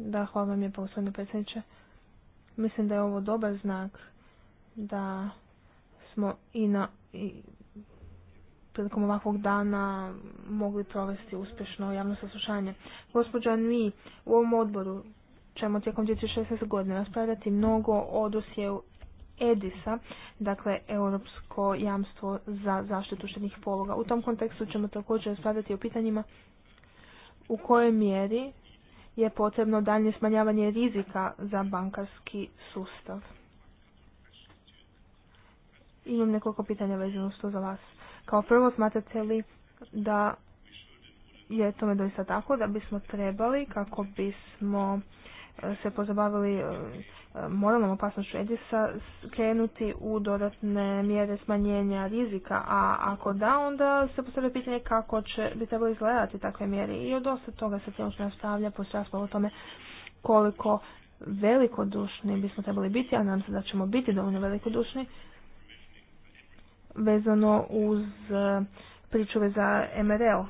Da, hvala vam lijepo gospodine predsjedniče. Mislim da je ovo dobar znak da smo i na i prilikom ovakvog dana mogli provesti uspješno javno saslušanje. Gospođa mi u ovom odboru ćemo tijekom 2016. godine raspravljati mnogo o EDISA, dakle Europsko jamstvo za zaštitu štednih pologa. U tom kontekstu ćemo također raspravljati o pitanjima u kojoj mjeri je potrebno dalje smanjavanje rizika za bankarski sustav. Imam nekoliko pitanja vezano s to za vas. Kao prvo, smatrate li da je tome doista tako, da bismo trebali kako bismo se pozabavili e, e, moralnom opasnošću Edisa krenuti u dodatne mjere smanjenja rizika, a ako da, onda se postavlja pitanje kako će bi trebalo izgledati takve mjere. I od dosta toga se trenutno nastavlja po o tome koliko velikodušni bismo trebali biti, a nam se da ćemo biti dovoljno velikodušni, vezano uz e, pričuve za MRL.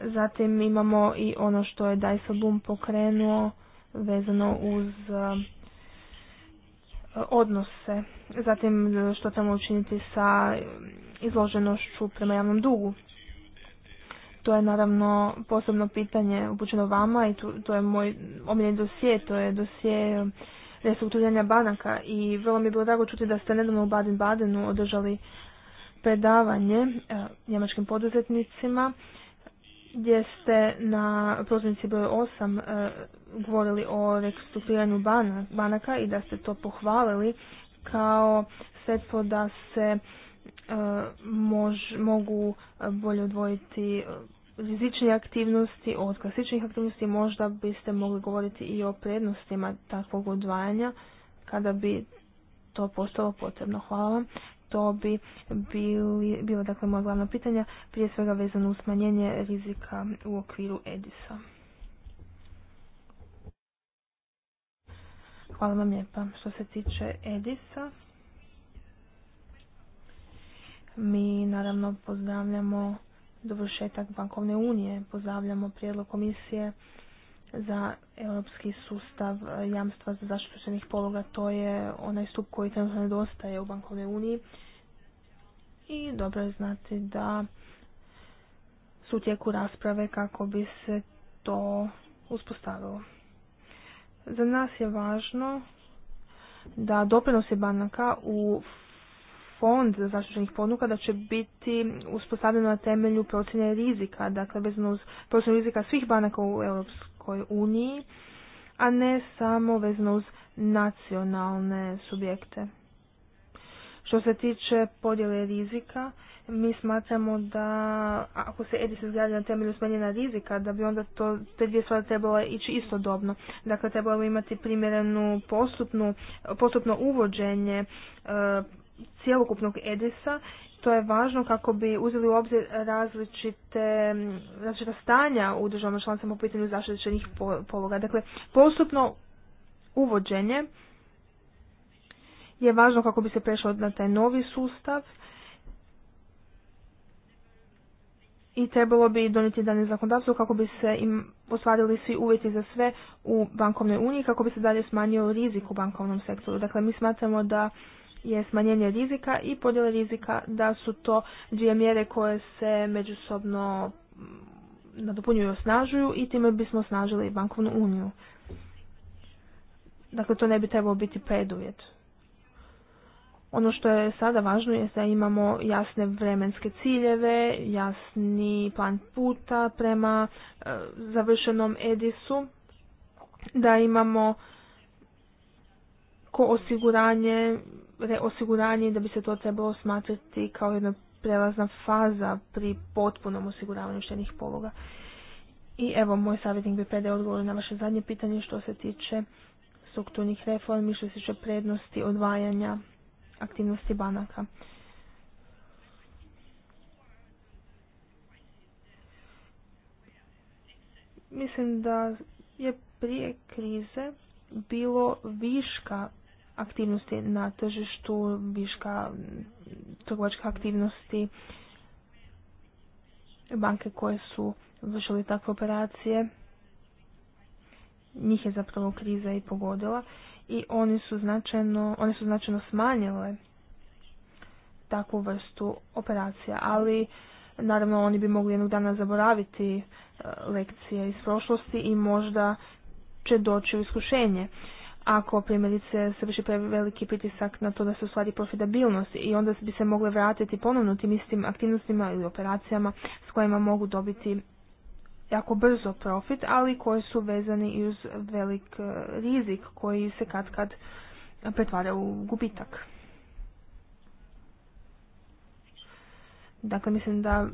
Zatim imamo i ono što je bum pokrenuo vezano uz eh, odnose. Zatim eh, što trebamo učiniti sa eh, izloženošću prema javnom dugu. To je naravno posebno pitanje upućeno vama i to, je moj omiljeni dosije, to je dosije restrukturiranja banaka i vrlo mi je bilo drago čuti da ste nedavno u Baden-Badenu održali predavanje njemačkim poduzetnicima gdje ste na proznici broj 8 e, govorili o restrukturiranju banaka i da ste to pohvalili kao sredstvo da se e, mogu bolje odvojiti e, rizične aktivnosti od klasičnih aktivnosti. Možda biste mogli govoriti i o prednostima takvog odvajanja kada bi to postalo potrebno. Hvala vam to bi bilo dakle moja glavna pitanja, prije svega vezano u smanjenje rizika u okviru EDIS-a. Hvala vam lijepa. Što se tiče Edisa, mi naravno pozdravljamo dovršetak bankovne unije, pozdravljamo prijedlog komisije za europski sustav e, jamstva za zaštićenih pologa. To je onaj stup koji trenutno nedostaje u bankovnoj uniji. I dobro je znati da su tijeku rasprave kako bi se to uspostavilo. Za nas je važno da doprinose banaka u fond za zaštićenih ponuka da će biti uspostavljeno na temelju procjene rizika, dakle vezano uz procjenu rizika svih banaka u Europskoj Europskoj uniji, a ne samo vezno uz nacionalne subjekte. Što se tiče podjele rizika, mi smatramo da ako se EDIS izgradi na temelju smanjena rizika, da bi onda to, te dvije stvari trebalo ići istodobno. Dakle, trebalo imati primjerenu postupno uvođenje e, cjelokupnog Edisa to je važno kako bi uzeli u obzir različite, različita stanja u državama članicama u pitanju zaštićenih pologa. Dakle, postupno uvođenje je važno kako bi se prešlo na taj novi sustav i trebalo bi donijeti dane zakonodavstvo kako bi se im ostvarili svi uvjeti za sve u bankovnoj uniji, kako bi se dalje smanjio rizik u bankovnom sektoru. Dakle, mi smatramo da je smanjenje rizika i podjela rizika da su to dvije mjere koje se međusobno mm, nadopunjuju i osnažuju i time bismo osnažili bankovnu uniju. Dakle, to ne bi trebao biti preduvjet. Ono što je sada važno je da imamo jasne vremenske ciljeve, jasni plan puta prema e, završenom Edisu, da imamo ko osiguranje osiguranje da bi se to trebalo smatrati kao jedna prelazna faza pri potpunom osiguravanju štenih pologa. I evo, moj savjetnik bi predao odgovor na vaše zadnje pitanje što se tiče strukturnih reformi, što se tiče prednosti, odvajanja aktivnosti banaka. Mislim da je prije krize bilo viška aktivnosti na tržištu, viška trgovačke aktivnosti, banke koje su vršili takve operacije, njih je zapravo kriza i pogodila i oni su značajno, one su značajno smanjile takvu vrstu operacija, ali naravno oni bi mogli jednog dana zaboraviti e, lekcije iz prošlosti i možda će doći u iskušenje ako primjerice se vrši preveliki pritisak na to da se ostvari profitabilnost i onda bi se mogle vratiti ponovno tim istim aktivnostima ili operacijama s kojima mogu dobiti jako brzo profit, ali koji su vezani i uz velik e, rizik koji se kad kad pretvara u gubitak. Dakle, mislim da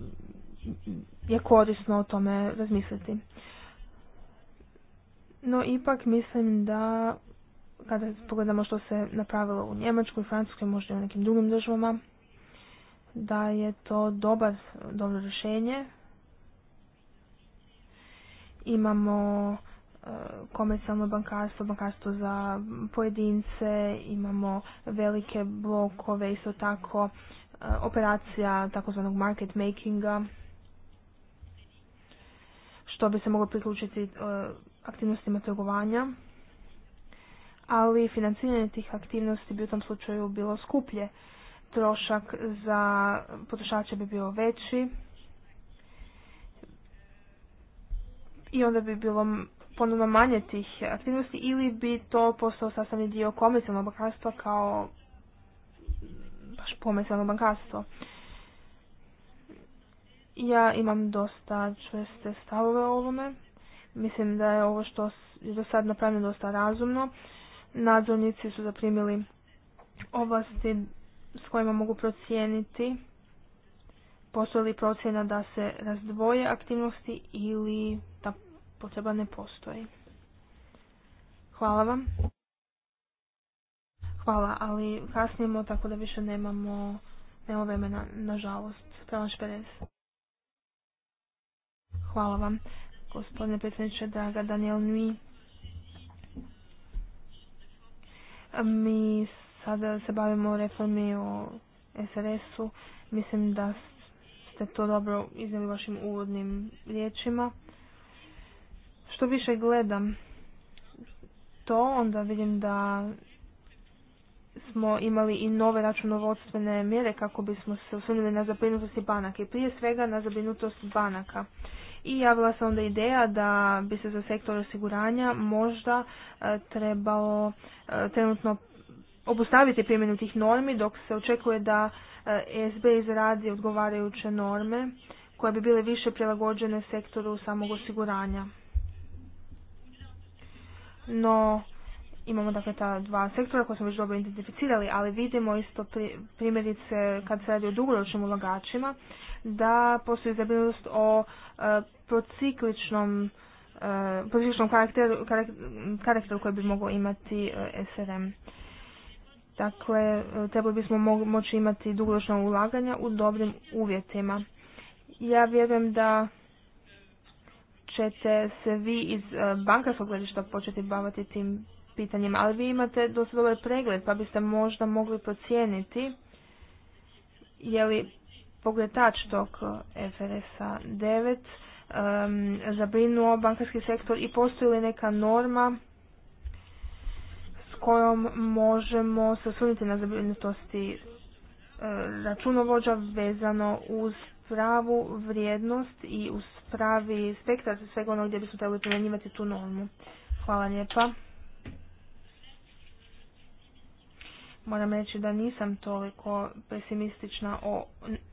je korisno o tome razmisliti. No, ipak mislim da kada pogledamo što se napravilo u Njemačkoj, Francuskoj, možda i u nekim drugim državama, da je to dobar, dobro rješenje. Imamo e, komercijalno bankarstvo, bankarstvo za pojedince, imamo velike blokove, isto tako e, operacija takozvanog market makinga, što bi se moglo priključiti e, aktivnostima trgovanja ali financiranje tih aktivnosti bi u tom slučaju bilo skuplje. Trošak za potrošače bi bio veći i onda bi bilo ponovno manje tih aktivnosti ili bi to postao sastavni dio komercijalnog bankarstva kao baš komercijalno bankarstvo. Ja imam dosta čvrste stavove o ovome. Mislim da je ovo što je do sad napravljeno dosta razumno Nadzornici su zaprimili ovlasti s kojima mogu procijeniti postoji li procjena da se razdvoje aktivnosti ili ta potreba ne postoji. Hvala vam. Hvala, ali kasnimo tako da više nemamo, nemamo vremena, nažalost. Prelaš Perez. Hvala vam, gospodine predsjedniče, draga Daniel Nui. Mi sada se bavimo reformi o SRS-u. Mislim da ste to dobro iznijeli vašim uvodnim riječima. Što više gledam to, onda vidim da smo imali i nove računovodstvene mjere kako bismo se osvrnuli na zabrinutosti banaka i prije svega na zabrinutost banaka i javila se onda ideja da bi se za sektor osiguranja možda e, trebalo e, trenutno obustaviti primjenu tih normi dok se očekuje da e, SB izradi odgovarajuće norme koje bi bile više prilagođene sektoru samog osiguranja. No, imamo dakle ta dva sektora koja smo već dobro identificirali, ali vidimo isto primjerice kad se radi o dugoročnim ulagačima da postoji zabrinutost o e, e, procikličnom karakteru, karakteru koji bi mogao imati e, SRM. Dakle, trebali bismo moći imati dugoročna ulaganja u dobrim uvjetima. Ja vjerujem da ćete se vi iz bankarskog gledišta početi baviti tim pitanjima, ali vi imate dosta dobar pregled, pa biste možda mogli procijeniti je li Pogledač tog e, FRS-a 9 zabrinuo bankarski sektor i postoji li neka norma s kojom možemo se na zabrinutosti e, računovođa vezano uz pravu vrijednost i uz pravi spektar svega onog gdje bismo trebali primjenjivati tu normu. Hvala lijepa. Moram reći da nisam toliko pesimistična o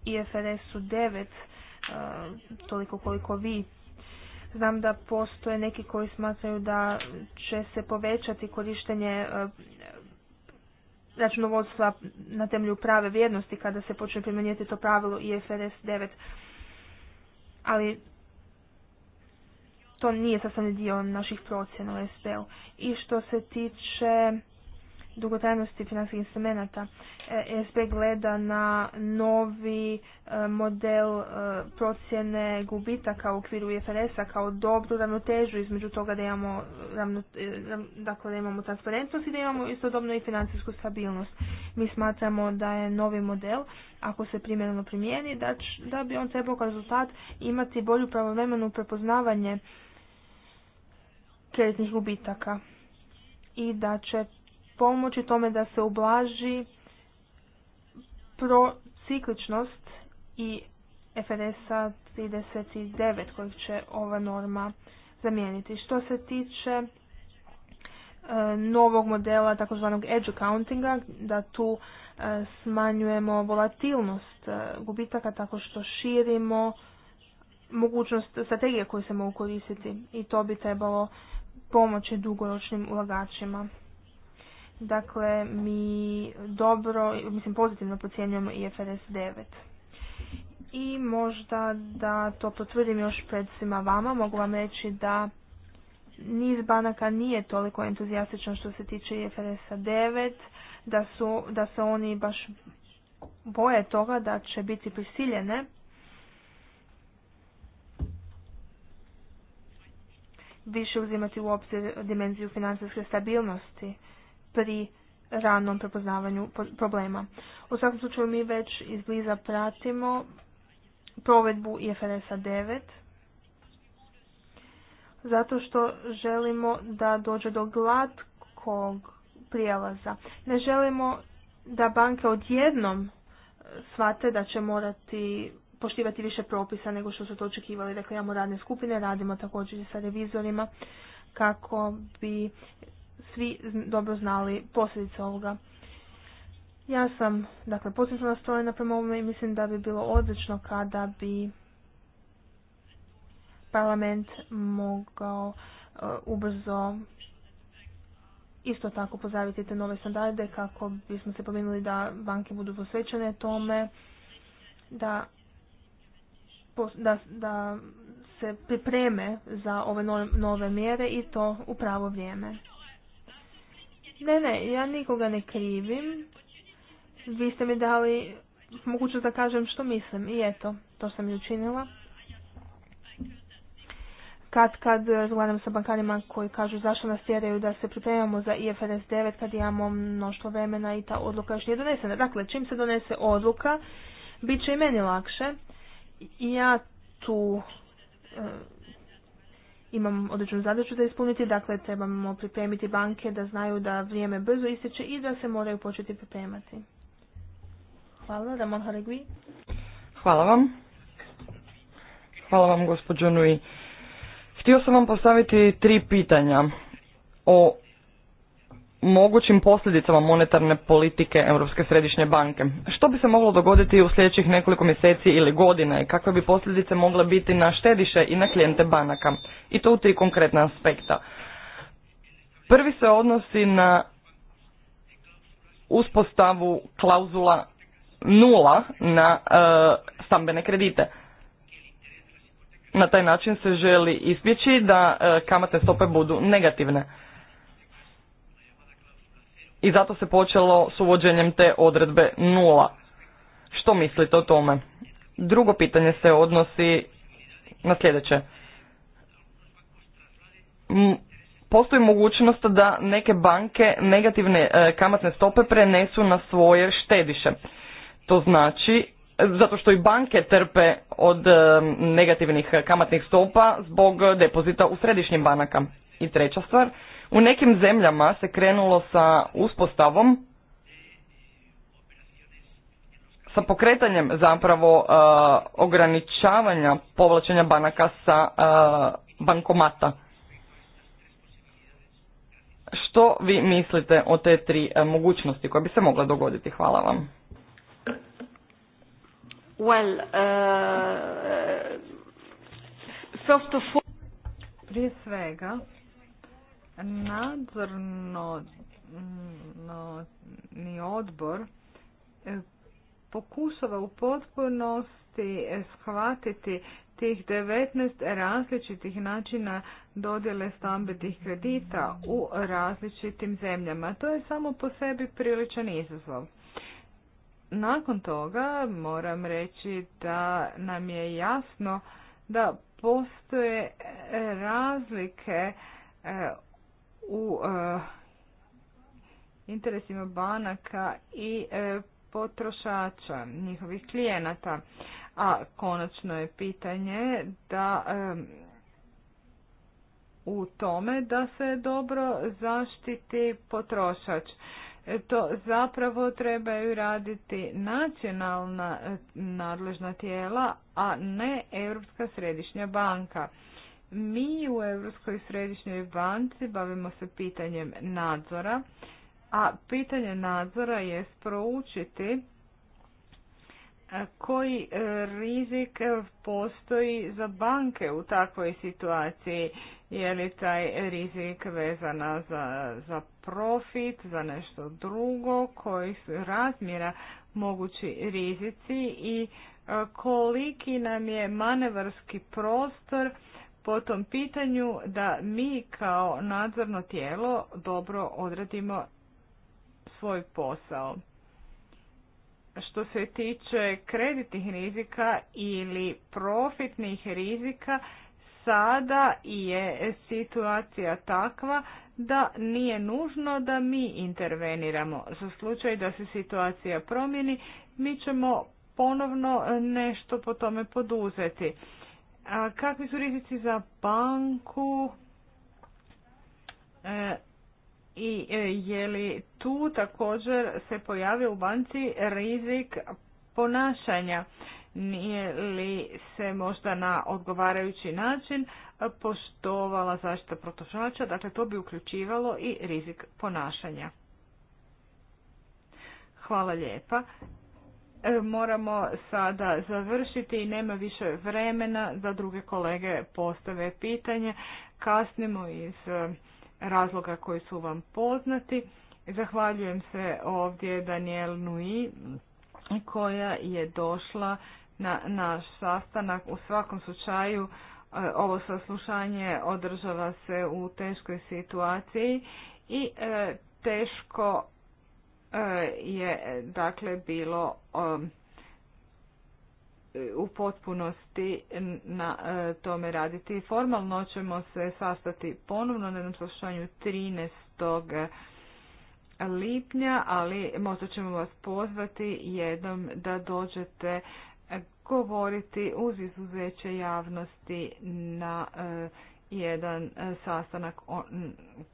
IFRS-u 9, e, toliko koliko vi. Znam da postoje neki koji smatraju da će se povećati korištenje e, računovodstva na temelju prave vrijednosti kada se počne primjenjivati to pravilo IFRS 9. Ali to nije sastavni dio naših procjena u SPL. I što se tiče dugotrajnosti financijskih instrumenta. E, SP gleda na novi e, model e, procjene gubitaka u okviru IFRS-a kao dobru ravnotežu između toga da imamo, dakle, imamo transparentnost i da imamo istodobno i financijsku stabilnost. Mi smatramo da je novi model, ako se primjerno primijeni, da, da bi on trebao kao rezultat imati bolju pravovremenu prepoznavanje kreditnih gubitaka i da će pomoći tome da se ublaži procikličnost i FRS-a 39 kojih će ova norma zamijeniti. Što se tiče e, novog modela takozvanog edge accountinga, da tu e, smanjujemo volatilnost e, gubitaka tako što širimo mogućnost strategije koje se mogu koristiti i to bi trebalo pomoći dugoročnim ulagačima. Dakle, mi dobro, mislim pozitivno procjenjujemo IFRS 9. I možda da to potvrdim još pred svima vama, mogu vam reći da niz banaka nije toliko entuzijastičan što se tiče ifrs 9, da, su, da se oni baš boje toga da će biti prisiljene više uzimati u obzir dimenziju financijske stabilnosti pri ranom prepoznavanju problema. U svakom slučaju mi već izbliza pratimo provedbu IFRS-a 9 zato što želimo da dođe do glatkog prijelaza. Ne želimo da banke odjednom e, shvate da će morati poštivati više propisa nego što su to očekivali. Dakle, imamo radne skupine, radimo također sa revizorima kako bi svi dobro znali posljedice ovoga. Ja sam, dakle, posljedno nastrojena prema ovome i mislim da bi bilo odlično kada bi parlament mogao e, ubrzo isto tako pozdraviti te nove standarde kako bismo se pominuli da banke budu posvećene tome, da, da, da se pripreme za ove nove mjere i to u pravo vrijeme. Ne, ne, ja nikoga ne krivim. Vi ste mi dali mogućnost da kažem što mislim i eto, to sam i učinila. Kad kad razgledam sa bankarima koji kažu zašto nas tjeraju da se pripremamo za IFRS 9 kad imamo mnoštvo vremena i ta odluka još nije donesena. Dakle, čim se donese odluka, bit će i meni lakše. Ja tu eh, imam određenu zadaću da ispuniti, dakle trebamo pripremiti banke da znaju da vrijeme brzo ističe i da se moraju početi pripremati. Hvala, Ramon Haregui. Hvala vam. Hvala vam, gospođo Nui. Htio sam vam postaviti tri pitanja o mogućim posljedicama monetarne politike Europske središnje banke. Što bi se moglo dogoditi u sljedećih nekoliko mjeseci ili godina i kakve bi posljedice mogle biti na štediše i na klijente banaka? I to u tri konkretna aspekta. Prvi se odnosi na uspostavu klauzula nula na e, stambene kredite. Na taj način se želi ispjeći da e, kamatne stope budu negativne i zato se počelo s uvođenjem te odredbe nula. Što mislite o tome? Drugo pitanje se odnosi na sljedeće. Postoji mogućnost da neke banke negativne e, kamatne stope prenesu na svoje štediše. To znači, zato što i banke trpe od e, negativnih kamatnih stopa zbog depozita u središnjim banaka. I treća stvar, u nekim zemljama se krenulo sa uspostavom, sa pokretanjem zapravo uh, ograničavanja povlačenja banaka sa uh, bankomata. Što vi mislite o te tri uh, mogućnosti koje bi se mogle dogoditi? Hvala vam. Well, Prije svega, Nadzorno ni odbor e, pokušava u potpunosti e, shvatiti tih 19 različitih načina dodjele stambenih kredita u različitim zemljama. To je samo po sebi priličan izazov. Nakon toga moram reći da nam je jasno da postoje e, razlike u e, interesima banaka i e, potrošača, njihovih klijenata. A konačno je pitanje da e, u tome da se dobro zaštiti potrošač. To zapravo trebaju raditi nacionalna nadležna tijela, a ne Europska središnja banka. Mi u Europskoj središnjoj banci bavimo se pitanjem nadzora, a pitanje nadzora je proučiti e, koji e, rizik postoji za banke u takvoj situaciji? Je li taj rizik vezana za, za profit, za nešto drugo, koji su razmjera mogući rizici i e, koliki nam je manevarski prostor po tom pitanju da mi kao nadzorno tijelo dobro odradimo svoj posao. Što se tiče kreditnih rizika ili profitnih rizika, sada je situacija takva da nije nužno da mi interveniramo. Za slučaj da se situacija promijeni, mi ćemo ponovno nešto po tome poduzeti. A kakvi su rizici za banku? E, I e, je li tu također se pojavio u banci rizik ponašanja? Nije li se možda na odgovarajući način poštovala zaštita potrošača? Dakle, to bi uključivalo i rizik ponašanja. Hvala lijepa. E, moramo sada završiti i nema više vremena da druge kolege postave pitanje. Kasnimo iz e, razloga koji su vam poznati. Zahvaljujem se ovdje Daniel Nui koja je došla na naš sastanak. U svakom slučaju e, ovo saslušanje održava se u teškoj situaciji i teško je dakle bilo um, u potpunosti na e, tome raditi. Formalno ćemo se sastati ponovno na jednom slušanju 13. lipnja, ali možda ćemo vas pozvati jednom da dođete govoriti uz izuzeće javnosti na e, jedan e, sastanak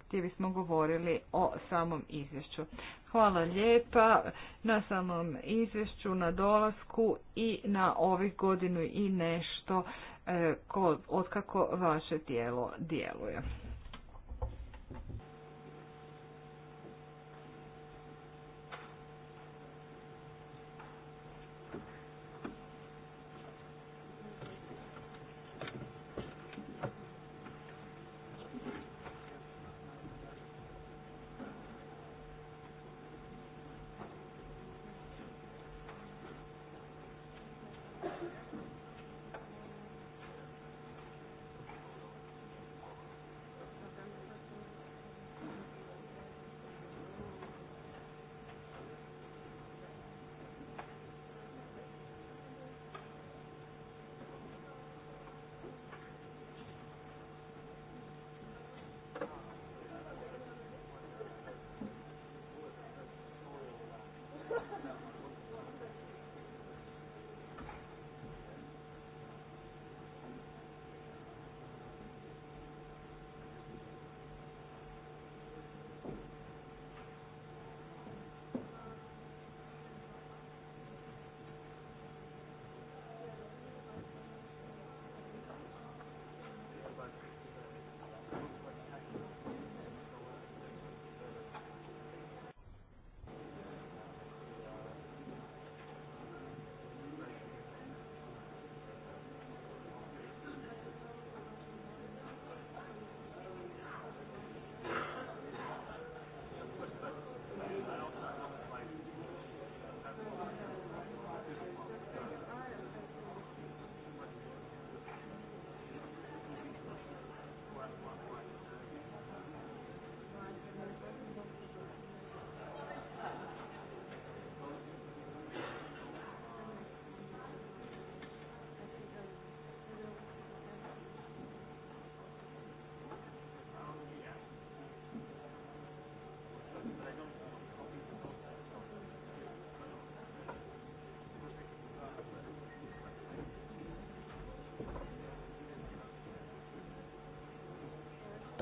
gdje bismo govorili o samom izvješću. Hvala lijepa na samom izvješću, na dolasku i na ovih godinu i nešto e, otkako vaše tijelo djeluje.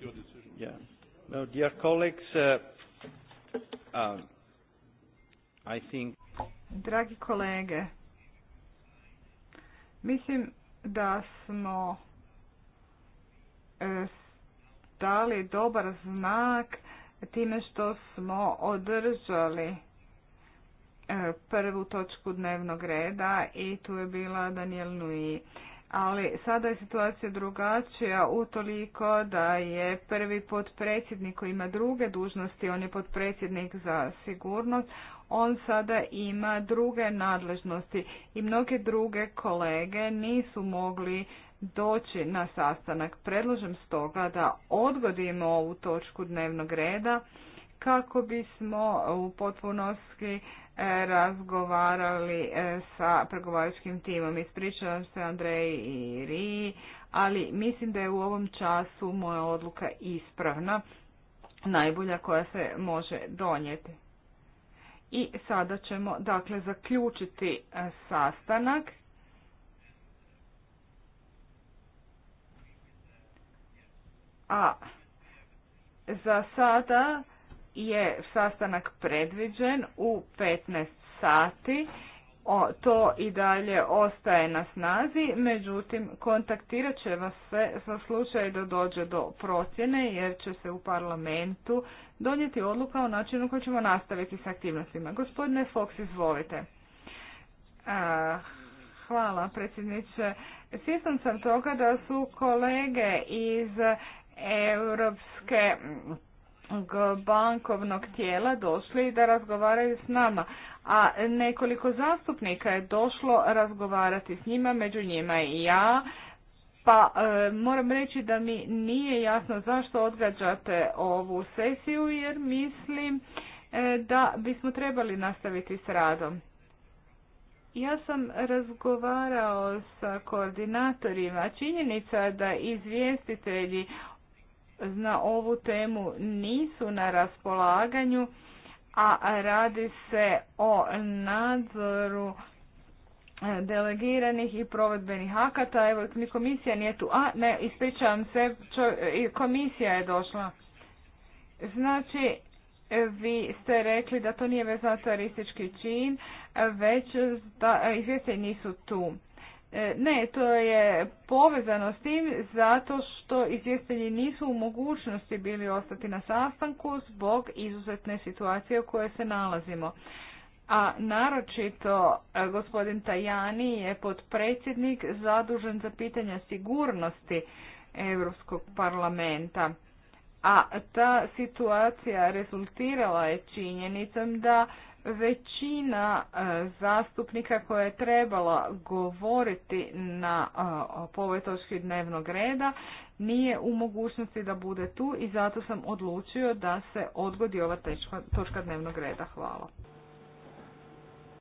that is dear colleagues, uh, um, I think... Dragi kolege, mislim da smo e, dali dobar znak time što smo održali e, prvu točku dnevnog reda i tu je bila Daniel Nui ali sada je situacija drugačija utoliko da je prvi potpredsjednik koji ima druge dužnosti, on je potpredsjednik za sigurnost, on sada ima druge nadležnosti i mnoge druge kolege nisu mogli doći na sastanak. Predlažem stoga da odgodimo ovu točku dnevnog reda kako bismo u potpunosti E, razgovarali e, sa pregovaračkim timom. Ispričavam se Andreji i Riji, ali mislim da je u ovom času moja odluka ispravna, najbolja koja se može donijeti. I sada ćemo dakle zaključiti e, sastanak. A za sada je sastanak predviđen u 15 sati. O, to i dalje ostaje na snazi, međutim kontaktirat će vas sve za slučaj da dođe do procjene jer će se u parlamentu donijeti odluka o načinu koji ćemo nastaviti s aktivnostima. Gospodine Fox, izvolite. A, hvala predsjedniče. Svjestan sam toga da su kolege iz Europske bankovnog tijela došli da razgovaraju s nama, a nekoliko zastupnika je došlo razgovarati s njima, među njima i ja, pa e, moram reći da mi nije jasno zašto odgađate ovu sesiju jer mislim e, da bismo trebali nastaviti s radom. Ja sam razgovarao sa koordinatorima. Činjenica da izvjestitelji na ovu temu nisu na raspolaganju, a radi se o nadzoru e, delegiranih i provedbenih akata. Evo, ni komisija nije tu. A, ne, ispričavam se, e, komisija je došla. Znači, vi ste rekli da to nije vezan turistički čin, već da nisu tu. E, ne, to je povezano s tim zato što izvjestelji nisu u mogućnosti bili ostati na sastanku zbog izuzetne situacije u kojoj se nalazimo. A naročito e, gospodin Tajani je podpredsjednik zadužen za pitanja sigurnosti Europskog parlamenta. A ta situacija rezultirala je činjenicom da većina e, zastupnika koja je trebala govoriti na e, povoj točki dnevnog reda nije u mogućnosti da bude tu i zato sam odlučio da se odgodi ova točka dnevnog reda. Hvala.